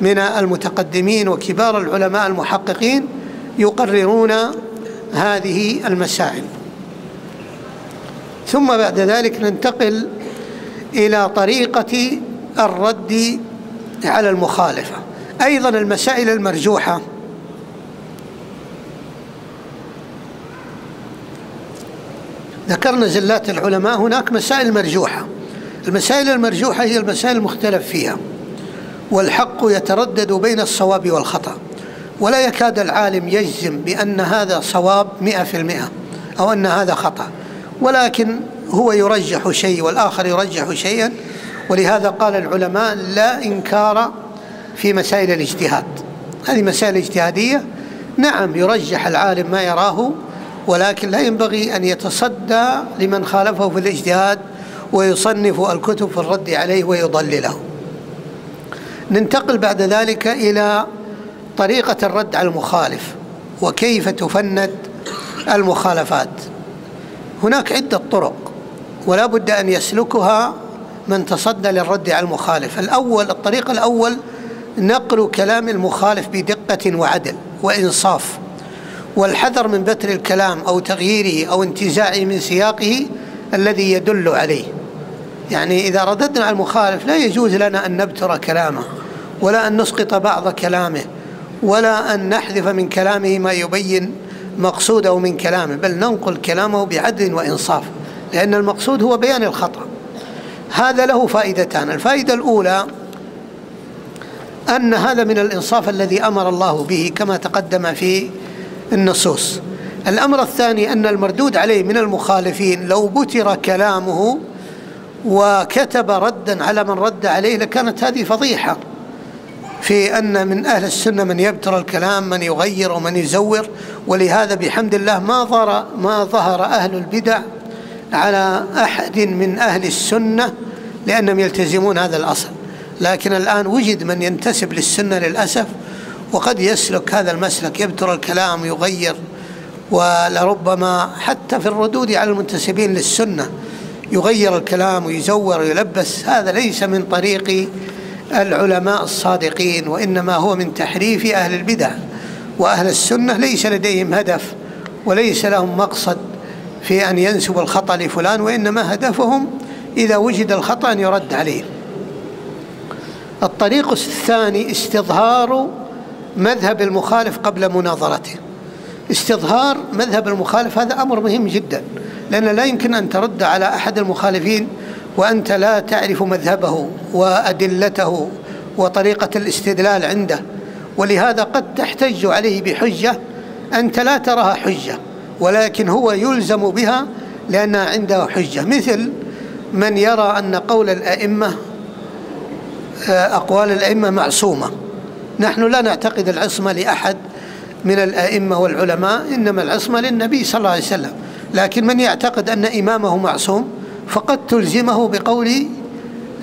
من المتقدمين وكبار العلماء المحققين يقررون هذه المسائل ثم بعد ذلك ننتقل إلى طريقة الرد على المخالفة أيضا المسائل المرجوحة ذكرنا زلات العلماء هناك مسائل مرجوحه المسائل المرجوحة هي المسائل المختلف فيها والحق يتردد بين الصواب والخطأ ولا يكاد العالم يجزم بأن هذا صواب مئة في المئة أو أن هذا خطأ ولكن هو يرجح شيء والآخر يرجح شيئا ولهذا قال العلماء لا إنكار في مسائل الاجتهاد هذه مسائل اجتهادية نعم يرجح العالم ما يراه ولكن لا ينبغي أن يتصدى لمن خالفه في الاجتهاد ويصنف الكتب في الرد عليه ويضلله ننتقل بعد ذلك إلى طريقة الرد على المخالف وكيف تفند المخالفات هناك عدة طرق ولا بد أن يسلكها من تصدى للرد على المخالف الأول الطريق الأول نقل كلام المخالف بدقة وعدل وإنصاف والحذر من بتر الكلام أو تغييره أو انتزاعه من سياقه الذي يدل عليه يعني إذا رددنا على المخالف لا يجوز لنا أن نبتر كلامه ولا أن نسقط بعض كلامه ولا أن نحذف من كلامه ما يبين مقصوده من كلامه بل ننقل كلامه بعدل وإنصاف لأن المقصود هو بيان الخطأ هذا له فائدتان الفائدة الأولى أن هذا من الإنصاف الذي أمر الله به كما تقدم في النصوص الأمر الثاني أن المردود عليه من المخالفين لو بتر كلامه وكتب ردا على من رد عليه لكانت هذه فضيحة في أن من أهل السنة من يبتر الكلام من يغير ومن يزور ولهذا بحمد الله ما ظهر, ما ظهر أهل البدع على أحد من أهل السنة لأنهم يلتزمون هذا الأصل لكن الآن وجد من ينتسب للسنة للأسف وقد يسلك هذا المسلك يبتر الكلام يغير ولربما حتى في الردود على المنتسبين للسنه يغير الكلام ويزور ويلبس هذا ليس من طريق العلماء الصادقين وإنما هو من تحريف أهل البدع وأهل السنة ليس لديهم هدف وليس لهم مقصد في أن ينسب الخطأ لفلان وإنما هدفهم إذا وجد الخطأ أن يرد عليه الطريق الثاني استظهار مذهب المخالف قبل مناظرته استظهار مذهب المخالف هذا أمر مهم جدا لأن لا يمكن أن ترد على أحد المخالفين وأنت لا تعرف مذهبه وأدلته وطريقة الاستدلال عنده ولهذا قد تحتج عليه بحجة أنت لا تراها حجة ولكن هو يلزم بها لأنها عنده حجة مثل من يرى أن قول الأئمة آه، أقوال الأئمة معصومة نحن لا نعتقد العصمة لأحد من الأئمة والعلماء إنما العصمة للنبي صلى الله عليه وسلم لكن من يعتقد أن إمامه معصوم فقد تلزمه بقول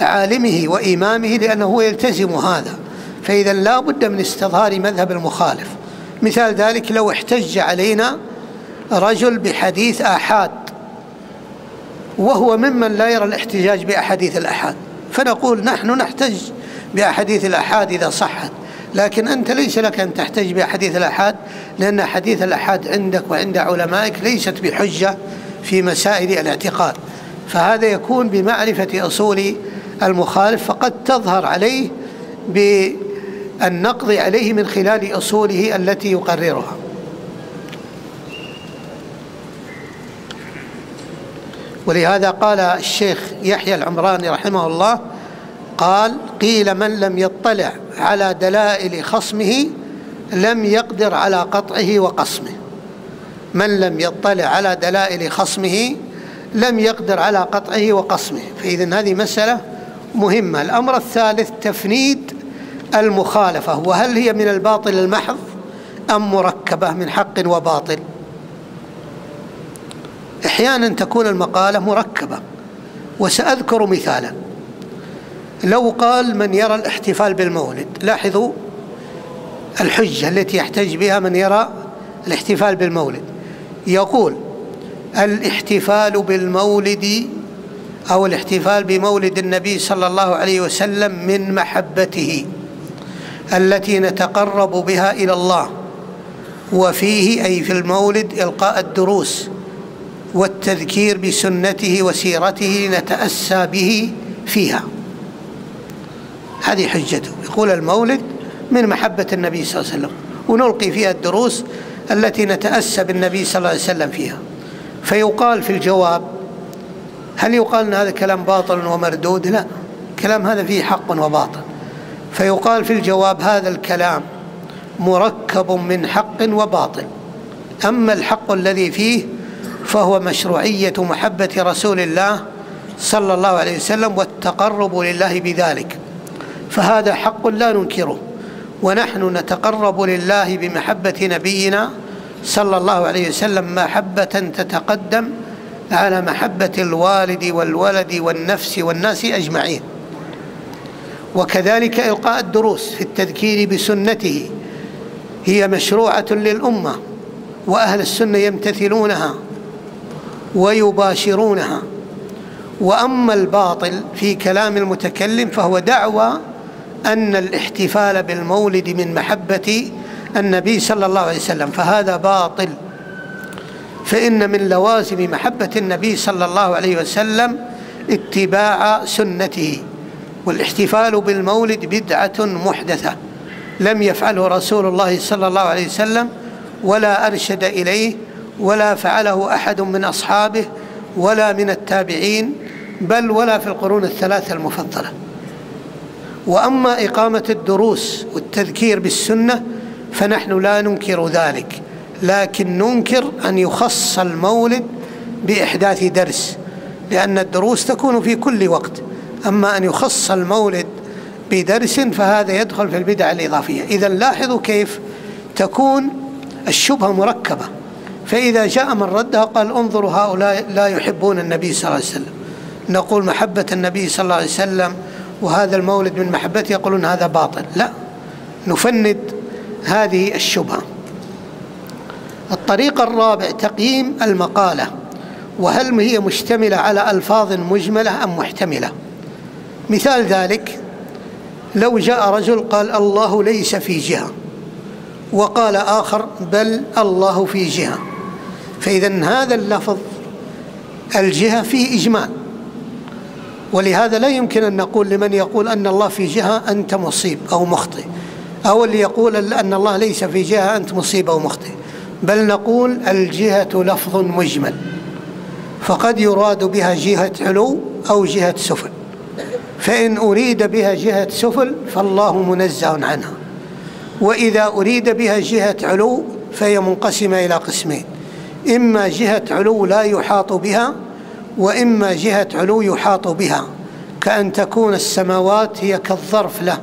عالمه وإمامه لأنه هو يلتزم هذا فإذا لا بد من استظهار مذهب المخالف مثال ذلك لو احتج علينا رجل بحديث آحاد وهو ممن لا يرى الاحتجاج بأحاديث الأحاد فنقول نحن نحتج بأحاديث الأحاد إذا صحت لكن أنت ليس لك أن تحتج بأحاديث الأحاد لأن حديث الأحاد عندك وعند علمائك ليست بحجة في مسائل الاعتقاد فهذا يكون بمعرفة أصول المخالف فقد تظهر عليه بالنقض عليه من خلال أصوله التي يقررها ولهذا قال الشيخ يحيى العمراني رحمه الله قال قيل من لم يطلع على دلائل خصمه لم يقدر على قطعه وقسمه من لم يطلع على دلائل خصمه لم يقدر على قطعه وقسمه فإذا هذه مسألة مهمة الأمر الثالث تفنيد المخالفة وهل هي من الباطل المحض أم مركبة من حق وباطل أحيانا تكون المقالة مركبة وسأذكر مثالا لو قال من يرى الاحتفال بالمولد لاحظوا الحجة التي يحتج بها من يرى الاحتفال بالمولد يقول الاحتفال بالمولد أو الاحتفال بمولد النبي صلى الله عليه وسلم من محبته التي نتقرب بها إلى الله وفيه أي في المولد إلقاء الدروس والتذكير بسنته وسيرته نتأسى به فيها هذه حجته يقول المولد من محبة النبي صلى الله عليه وسلم ونلقي فيها الدروس التي نتأسى بالنبي صلى الله عليه وسلم فيها فيقال في الجواب هل يقال أن هذا كلام باطل ومردود لا كلام هذا فيه حق وباطل فيقال في الجواب هذا الكلام مركب من حق وباطل أما الحق الذي فيه فهو مشروعية محبة رسول الله صلى الله عليه وسلم والتقرب لله بذلك فهذا حق لا ننكره ونحن نتقرب لله بمحبة نبينا صلى الله عليه وسلم محبة تتقدم على محبة الوالد والولد والنفس والناس أجمعين وكذلك إلقاء الدروس في التذكير بسنته هي مشروعة للأمة وأهل السنة يمتثلونها ويباشرونها وأما الباطل في كلام المتكلم فهو دعوى أن الاحتفال بالمولد من محبة النبي صلى الله عليه وسلم فهذا باطل فإن من لوازم محبة النبي صلى الله عليه وسلم اتباع سنته والاحتفال بالمولد بدعة محدثة لم يفعله رسول الله صلى الله عليه وسلم ولا أرشد إليه ولا فعله أحد من أصحابه ولا من التابعين بل ولا في القرون الثلاثة المفضلة واما اقامه الدروس والتذكير بالسنه فنحن لا ننكر ذلك لكن ننكر ان يخص المولد باحداث درس لان الدروس تكون في كل وقت اما ان يخص المولد بدرس فهذا يدخل في البدع الاضافيه اذا لاحظوا كيف تكون الشبهه مركبه فاذا جاء من ردها قال انظروا هؤلاء لا يحبون النبي صلى الله عليه وسلم نقول محبه النبي صلى الله عليه وسلم وهذا المولد من محبته يقولون هذا باطل لا نفند هذه الشبهه الطريق الرابع تقييم المقاله وهل هي مشتمله على الفاظ مجمله ام محتمله مثال ذلك لو جاء رجل قال الله ليس في جهه وقال اخر بل الله في جهه فاذا هذا اللفظ الجهه فيه اجمال ولهذا لا يمكن أن نقول لمن يقول أن الله في جهة أنت مصيب أو مخطئ أو اللي يقول أن الله ليس في جهة أنت مصيب أو مخطئ بل نقول الجهة لفظ مجمل فقد يراد بها جهة علو أو جهة سفل فإن أريد بها جهة سفل فالله منزه عنها وإذا أريد بها جهة علو فهي منقسمة إلى قسمين إما جهة علو لا يحاط بها واما جهه علو يحاط بها كان تكون السماوات هي كالظرف له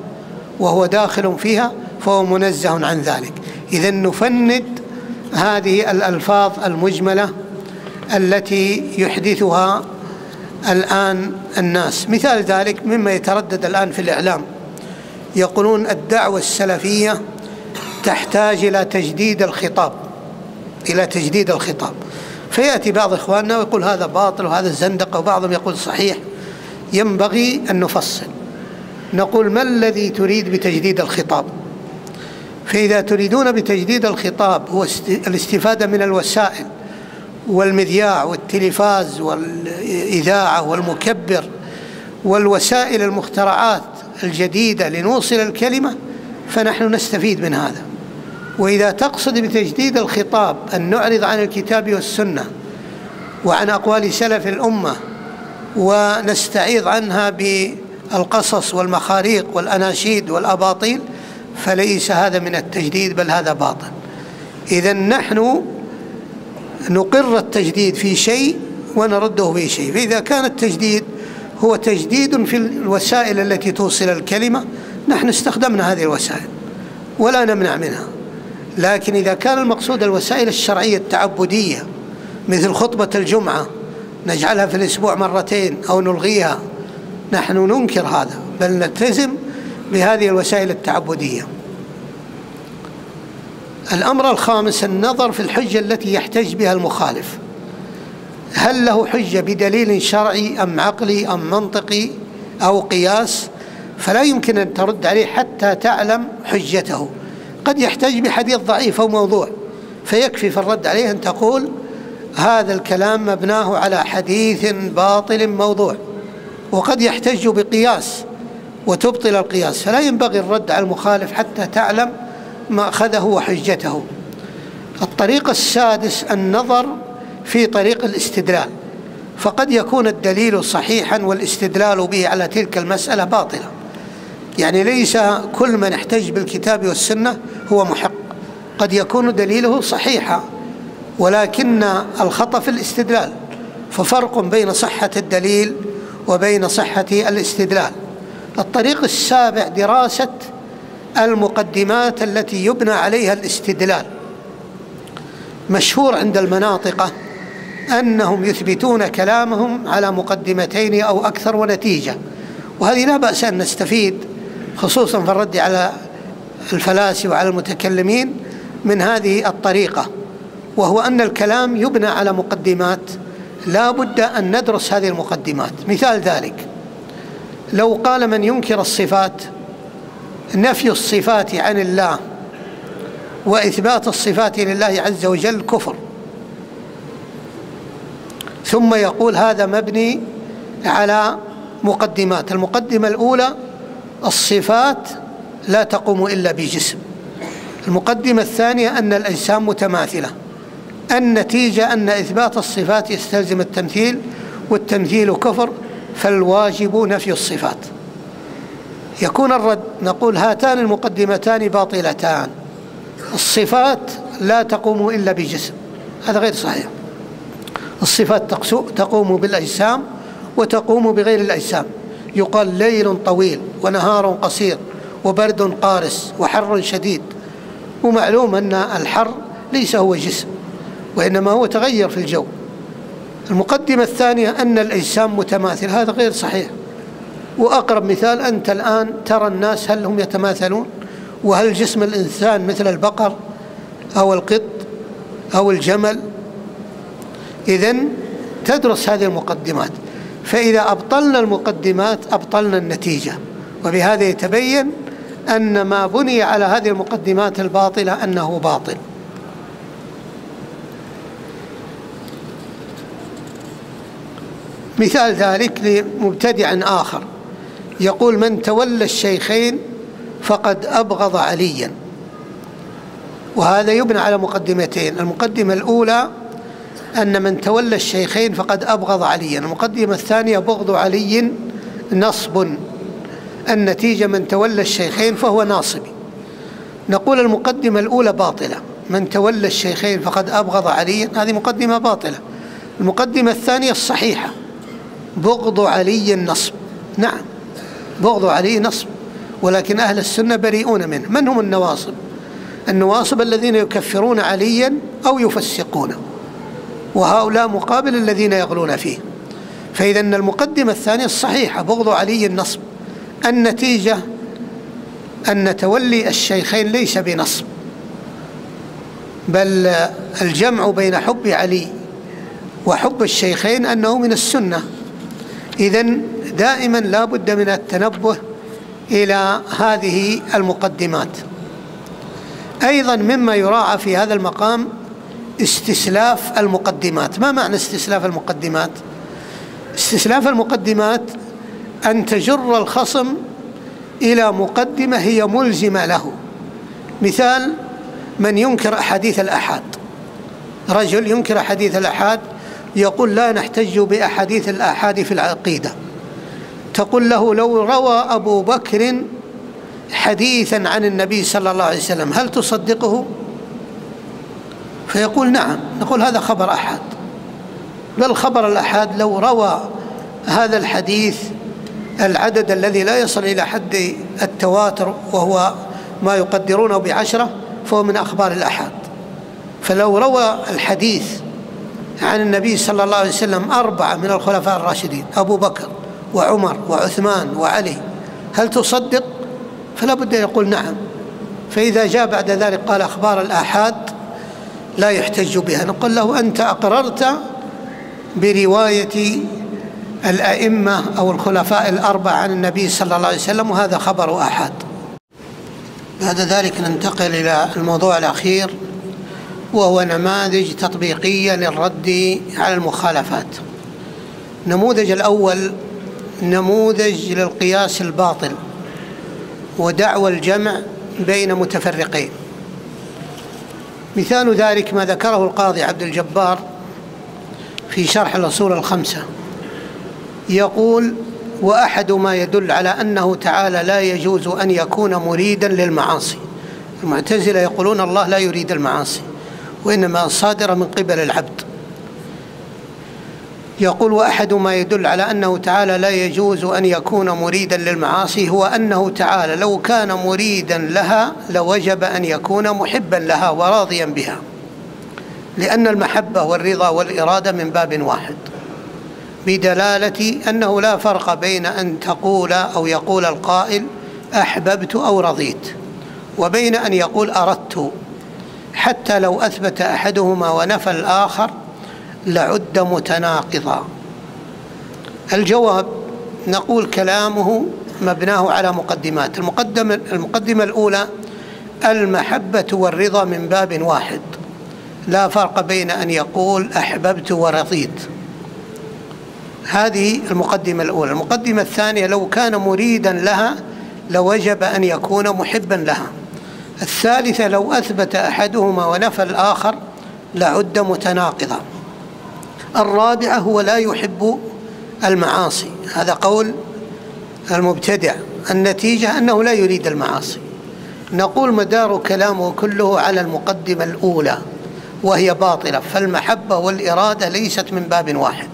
وهو داخل فيها فهو منزه عن ذلك اذا نفند هذه الالفاظ المجمله التي يحدثها الان الناس مثال ذلك مما يتردد الان في الاعلام يقولون الدعوه السلفيه تحتاج الى تجديد الخطاب الى تجديد الخطاب فيأتي بعض إخواننا ويقول هذا باطل وهذا الزندقه وبعضهم يقول صحيح ينبغي أن نفصل نقول ما الذي تريد بتجديد الخطاب فإذا تريدون بتجديد الخطاب هو الاستفادة من الوسائل والمذياع والتلفاز والإذاعة والمكبر والوسائل المخترعات الجديدة لنوصل الكلمة فنحن نستفيد من هذا واذا تقصد بتجديد الخطاب ان نعرض عن الكتاب والسنه وعن اقوال سلف الامه ونستعيض عنها بالقصص والمخاريق والاناشيد والاباطيل فليس هذا من التجديد بل هذا باطل اذا نحن نقر التجديد في شيء ونرده في شيء فاذا كان التجديد هو تجديد في الوسائل التي توصل الكلمه نحن استخدمنا هذه الوسائل ولا نمنع منها لكن إذا كان المقصود الوسائل الشرعية التعبدية مثل خطبة الجمعة نجعلها في الأسبوع مرتين أو نلغيها نحن ننكر هذا بل نلتزم بهذه الوسائل التعبدية الأمر الخامس النظر في الحجة التي يحتج بها المخالف هل له حجة بدليل شرعي أم عقلي أم منطقي أو قياس فلا يمكن أن ترد عليه حتى تعلم حجته قد يحتج بحديث ضعيف أو موضوع فيكفي في الرد عليه أن تقول هذا الكلام مبناه على حديث باطل موضوع وقد يحتج بقياس وتبطل القياس فلا ينبغي الرد على المخالف حتى تعلم ما أخذه وحجته الطريق السادس النظر في طريق الاستدلال فقد يكون الدليل صحيحا والاستدلال به على تلك المسألة باطلة يعني ليس كل من احتج بالكتاب والسنة هو محق قد يكون دليله صحيحا ولكن الخطأ في الاستدلال ففرق بين صحة الدليل وبين صحة الاستدلال الطريق السابع دراسة المقدمات التي يبنى عليها الاستدلال مشهور عند المناطقة أنهم يثبتون كلامهم على مقدمتين أو أكثر ونتيجة وهذه لا بأس أن نستفيد خصوصا في الرد على الفلاسفة وعلى المتكلمين من هذه الطريقة وهو أن الكلام يبنى على مقدمات لا بد أن ندرس هذه المقدمات مثال ذلك لو قال من ينكر الصفات نفي الصفات عن الله وإثبات الصفات لله عز وجل كفر ثم يقول هذا مبني على مقدمات المقدمة الأولى الصفات لا تقوم إلا بجسم المقدمة الثانية أن الأجسام متماثلة النتيجة أن إثبات الصفات يستلزم التمثيل والتمثيل كفر فالواجب نفي الصفات يكون الرد نقول هاتان المقدمتان باطلتان الصفات لا تقوم إلا بجسم هذا غير صحيح الصفات تقوم بالأجسام وتقوم بغير الأجسام يقال ليل طويل ونهار قصير وبرد قارس وحر شديد ومعلوم أن الحر ليس هو جسم وإنما هو تغير في الجو المقدمة الثانية أن الأجسام متماثل هذا غير صحيح وأقرب مثال أنت الآن ترى الناس هل هم يتماثلون وهل جسم الإنسان مثل البقر أو القط أو الجمل إذن تدرس هذه المقدمات فإذا أبطلنا المقدمات أبطلنا النتيجة وبهذا يتبين أن ما بني على هذه المقدمات الباطلة أنه باطل مثال ذلك لمبتدع آخر يقول من تولى الشيخين فقد أبغض عليا وهذا يبنى على مقدمتين المقدمة الأولى أن من تولى الشيخين فقد أبغض عليا المقدمة الثانية بغض علي نصب النتيجة من تولى الشيخين فهو ناصبي نقول المقدمة الأولى باطلة من تولى الشيخين فقد أبغض عليا هذه مقدمة باطلة المقدمة الثانية الصحيحة بغض علي النصب نعم بغض علي نصب ولكن أهل السنة بريئون منه من هم النواصب النواصب الذين يكفرون عليا أو يفسقونه وهؤلاء مقابل الذين يغلون فيه فإذا المقدمة الثانية الصحيحة بغض علي النصب النتيجة أن تولي الشيخين ليس بنصب بل الجمع بين حب علي وحب الشيخين أنه من السنة إذا دائما لا بد من التنبه إلى هذه المقدمات أيضا مما يراعى في هذا المقام استسلاف المقدمات ما معنى استسلاف المقدمات استسلاف المقدمات أن تجر الخصم إلى مقدمة هي ملزمة له مثال من ينكر أحاديث الأحاد رجل ينكر أحاديث الأحاد يقول لا نحتج بأحاديث الآحاد في العقيدة تقول له لو روى أبو بكر حديثا عن النبي صلى الله عليه وسلم هل تصدقه؟ فيقول نعم نقول هذا خبر أحد بل خبر الأحد لو روى هذا الحديث العدد الذي لا يصل إلى حد التواتر وهو ما يقدرونه بعشرة فهو من أخبار الأحد فلو روى الحديث عن النبي صلى الله عليه وسلم أربعة من الخلفاء الراشدين أبو بكر وعمر وعثمان وعلي هل تصدق؟ فلا بد أن يقول نعم فإذا جاء بعد ذلك قال أخبار الآحاد لا يحتج بها نقول له أنت أقررت برواية الأئمة أو الخلفاء الأربعة عن النبي صلى الله عليه وسلم وهذا خبر أحد بعد ذلك ننتقل إلى الموضوع الأخير وهو نماذج تطبيقية للرد على المخالفات النموذج الأول نموذج للقياس الباطل ودعوى الجمع بين متفرقين مثال ذلك ما ذكره القاضي عبد الجبار في شرح الأصول الخمسة يقول وأحد ما يدل على أنه تعالى لا يجوز أن يكون مريدا للمعاصي المعتزلة يقولون الله لا يريد المعاصي وإنما الصادرة من قبل العبد يقول واحد ما يدل على انه تعالى لا يجوز ان يكون مريدا للمعاصي هو انه تعالى لو كان مريدا لها لوجب ان يكون محبا لها وراضيا بها لان المحبه والرضا والاراده من باب واحد بدلاله انه لا فرق بين ان تقول او يقول القائل احببت او رضيت وبين ان يقول اردت حتى لو اثبت احدهما ونفى الاخر لعد متناقضا الجواب نقول كلامه مبناه على مقدمات المقدمة, المقدمة الأولى المحبة والرضا من باب واحد لا فرق بين أن يقول أحببت ورضيت هذه المقدمة الأولى المقدمة الثانية لو كان مريدا لها لوجب أن يكون محبا لها الثالثة لو أثبت أحدهما ونفى الآخر لعد متناقضا الرابعة هو لا يحب المعاصي هذا قول المبتدع النتيجة أنه لا يريد المعاصي نقول مدار كلامه كله على المقدمة الأولى وهي باطلة فالمحبة والإرادة ليست من باب واحد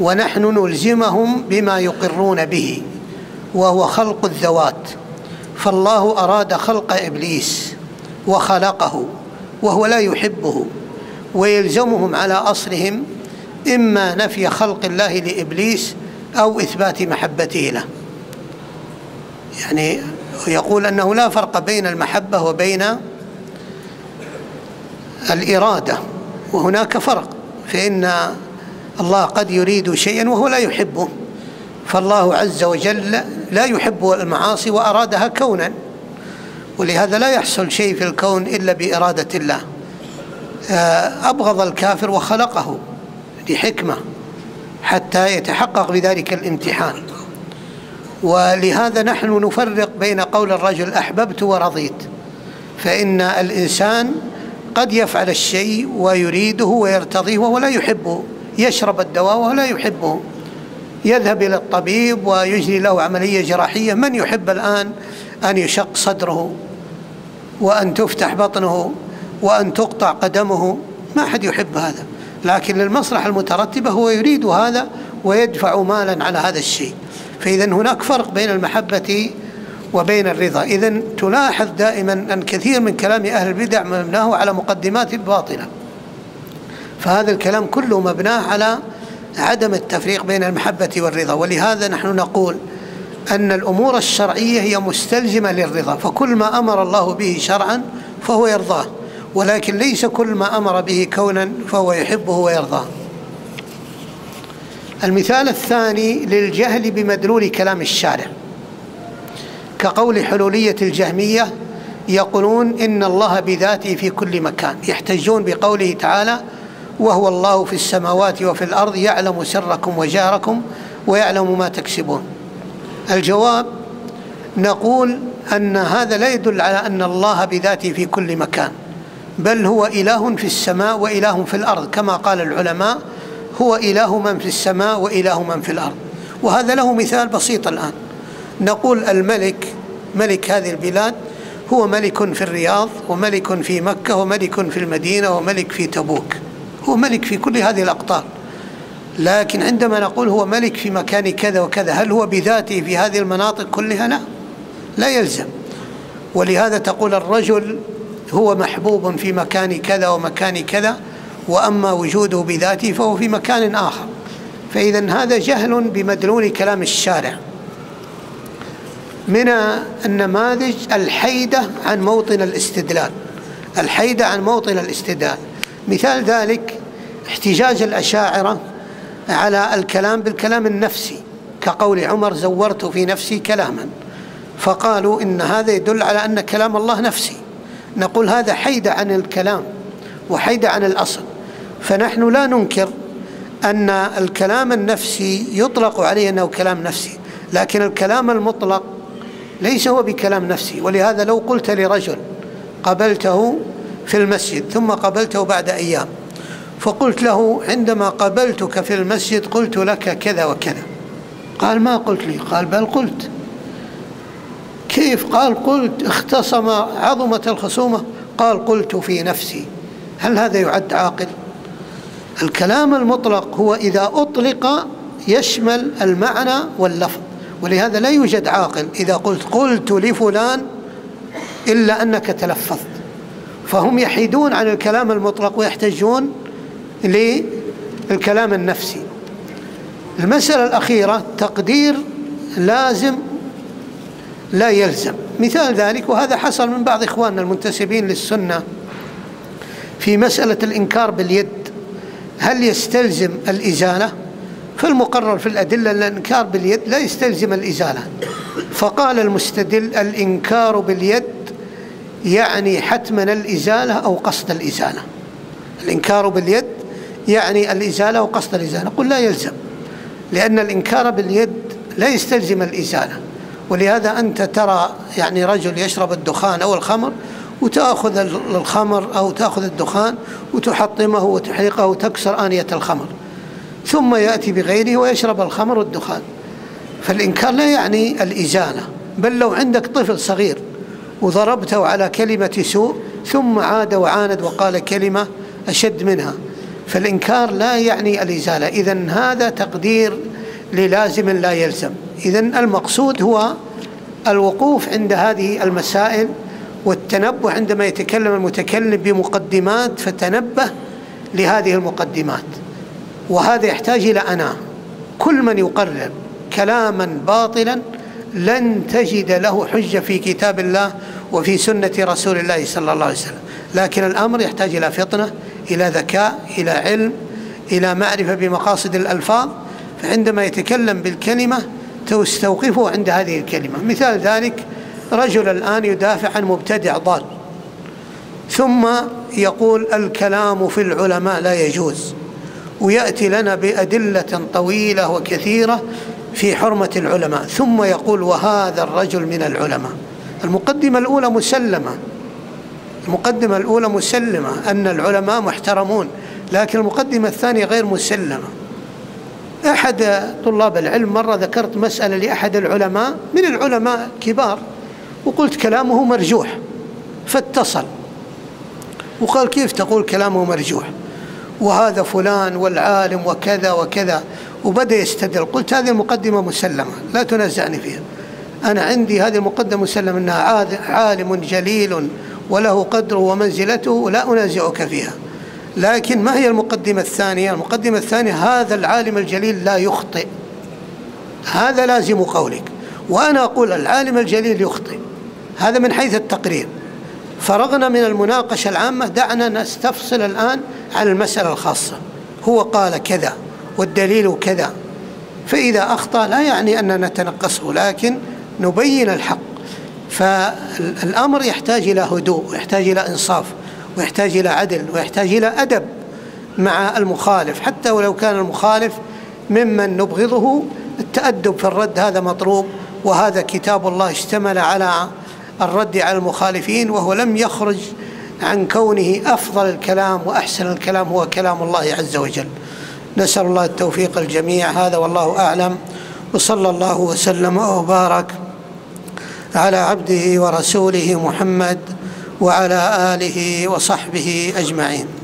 ونحن نلزمهم بما يقرون به وهو خلق الذوات فالله أراد خلق إبليس وخلقه وهو لا يحبه ويلزمهم على أصلهم إما نفي خلق الله لإبليس أو إثبات محبته له يعني يقول أنه لا فرق بين المحبة وبين الإرادة وهناك فرق فإن الله قد يريد شيئا وهو لا يحبه فالله عز وجل لا يحب المعاصي وأرادها كونا ولهذا لا يحصل شيء في الكون إلا بإرادة الله آه، أبغض الكافر وخلقه لحكمة حتى يتحقق بذلك الامتحان ولهذا نحن نفرق بين قول الرجل أحببت ورضيت فإن الإنسان قد يفعل الشيء ويريده ويرتضيه وهو لا يحبه يشرب الدواء وهو لا يحبه يذهب إلى الطبيب ويجري له عملية جراحية من يحب الآن أن يشق صدره وأن تفتح بطنه وأن تقطع قدمه ما أحد يحب هذا لكن للمصلحة المترتبة هو يريد هذا ويدفع مالا على هذا الشيء فإذا هناك فرق بين المحبة وبين الرضا إذا تلاحظ دائما أن كثير من كلام أهل البدع مبناه على مقدمات باطلة فهذا الكلام كله مبناه على عدم التفريق بين المحبة والرضا ولهذا نحن نقول أن الأمور الشرعية هي مستلزمة للرضا فكل ما أمر الله به شرعا فهو يرضاه ولكن ليس كل ما أمر به كونا فهو يحبه ويرضاه المثال الثاني للجهل بمدلول كلام الشارع كقول حلولية الجهمية يقولون إن الله بذاته في كل مكان يحتجون بقوله تعالى وهو الله في السماوات وفي الأرض يعلم سركم وجهركم ويعلم ما تكسبون الجواب نقول أن هذا لا يدل على أن الله بذاته في كل مكان بل هو إله في السماء وإله في الأرض كما قال العلماء هو إله من في السماء وإله من في الأرض وهذا له مثال بسيط الآن نقول الملك ملك هذه البلاد هو ملك في الرياض وملك في مكة وملك في المدينة وملك في تبوك هو ملك في كل هذه الأقطار لكن عندما نقول هو ملك في مكان كذا وكذا هل هو بذاته في هذه المناطق كلها لا لا يلزم ولهذا تقول الرجل هو محبوب في مكان كذا ومكان كذا وأما وجوده بذاته فهو في مكان آخر فإذا هذا جهل بمدلول كلام الشارع من النماذج الحيدة عن موطن الاستدلال الحيدة عن موطن الاستدلال مثال ذلك احتجاج الأشاعرة على الكلام بالكلام النفسي كقول عمر زورت في نفسي كلاما فقالوا إن هذا يدل على أن كلام الله نفسي نقول هذا حيد عن الكلام وحيد عن الأصل فنحن لا ننكر أن الكلام النفسي يطلق عليه أنه كلام نفسي لكن الكلام المطلق ليس هو بكلام نفسي ولهذا لو قلت لرجل قبلته في المسجد ثم قبلته بعد أيام فقلت له عندما قبلتك في المسجد قلت لك كذا وكذا قال ما قلت لي قال بل قلت كيف قال قلت اختصم عظمت الخصومة قال قلت في نفسي هل هذا يعد عاقل الكلام المطلق هو إذا أطلق يشمل المعنى واللفظ ولهذا لا يوجد عاقل إذا قلت قلت لفلان إلا أنك تلفظت فهم يحيدون عن الكلام المطلق ويحتجون للكلام النفسي المسألة الأخيرة تقدير لازم لا يلزم مثال ذلك وهذا حصل من بعض إخواننا المنتسبين للسنة في مسألة الإنكار باليد هل يستلزم الإزالة فالمقرر في الأدلة الإنكار باليد لا يستلزم الإزالة فقال المستدل الإنكار باليد يعني حتما الإزالة أو قصد الإزالة الإنكار باليد يعني الإزالة وقصد الإزالة قل لا يلزم لأن الإنكار باليد لا يستلزم الإزالة ولهذا أنت ترى يعني رجل يشرب الدخان أو الخمر وتأخذ الخمر أو تأخذ الدخان وتحطمه وتحرقه وتكسر آنية الخمر ثم يأتي بغيره ويشرب الخمر والدخان فالإنكار لا يعني الإزالة بل لو عندك طفل صغير وضربته على كلمة سوء ثم عاد وعاند وقال كلمة أشد منها فالإنكار لا يعني الإزالة إذا هذا تقدير للازم لا يلزم إذا المقصود هو الوقوف عند هذه المسائل والتنبه عندما يتكلم المتكلم بمقدمات فتنبه لهذه المقدمات وهذا يحتاج إلى أنا كل من يقرر كلاما باطلا لن تجد له حجة في كتاب الله وفي سنة رسول الله صلى الله عليه وسلم لكن الأمر يحتاج إلى فطنة إلى ذكاء إلى علم إلى معرفة بمقاصد الألفاظ فعندما يتكلم بالكلمة تستوقفه عند هذه الكلمة مثال ذلك رجل الآن يدافع عن مبتدع ضال ثم يقول الكلام في العلماء لا يجوز ويأتي لنا بأدلة طويلة وكثيرة في حرمة العلماء ثم يقول وهذا الرجل من العلماء المقدمة الأولى مسلمة المقدمة الأولى مسلمة أن العلماء محترمون لكن المقدمة الثانية غير مسلمة أحد طلاب العلم مرة ذكرت مسألة لأحد العلماء من العلماء كبار وقلت كلامه مرجوح فاتصل وقال كيف تقول كلامه مرجوح وهذا فلان والعالم وكذا وكذا وبدأ يستدل قلت هذه مقدمه مسلمة لا تنازعني فيها أنا عندي هذه المقدمة مسلمة أنها عالم جليل وله قدره ومنزلته لا أنازعك فيها لكن ما هي المقدمة الثانية المقدمة الثانية هذا العالم الجليل لا يخطئ هذا لازم قولك وأنا أقول العالم الجليل يخطئ هذا من حيث التقرير فرغنا من المناقشة العامة دعنا نستفصل الآن عن المسألة الخاصة هو قال كذا والدليل كذا فإذا أخطأ لا يعني أننا نتنقصه لكن نبين الحق فالأمر يحتاج إلى هدوء ويحتاج إلى إنصاف ويحتاج إلى عدل ويحتاج إلى أدب مع المخالف حتى ولو كان المخالف ممن نبغضه التأدب في الرد هذا مطلوب وهذا كتاب الله اشتمل على الرد على المخالفين وهو لم يخرج عن كونه أفضل الكلام وأحسن الكلام هو كلام الله عز وجل نسأل الله التوفيق الجميع هذا والله أعلم وصلى الله وسلم وبارك على عبده ورسوله محمد وعلى اله وصحبه اجمعين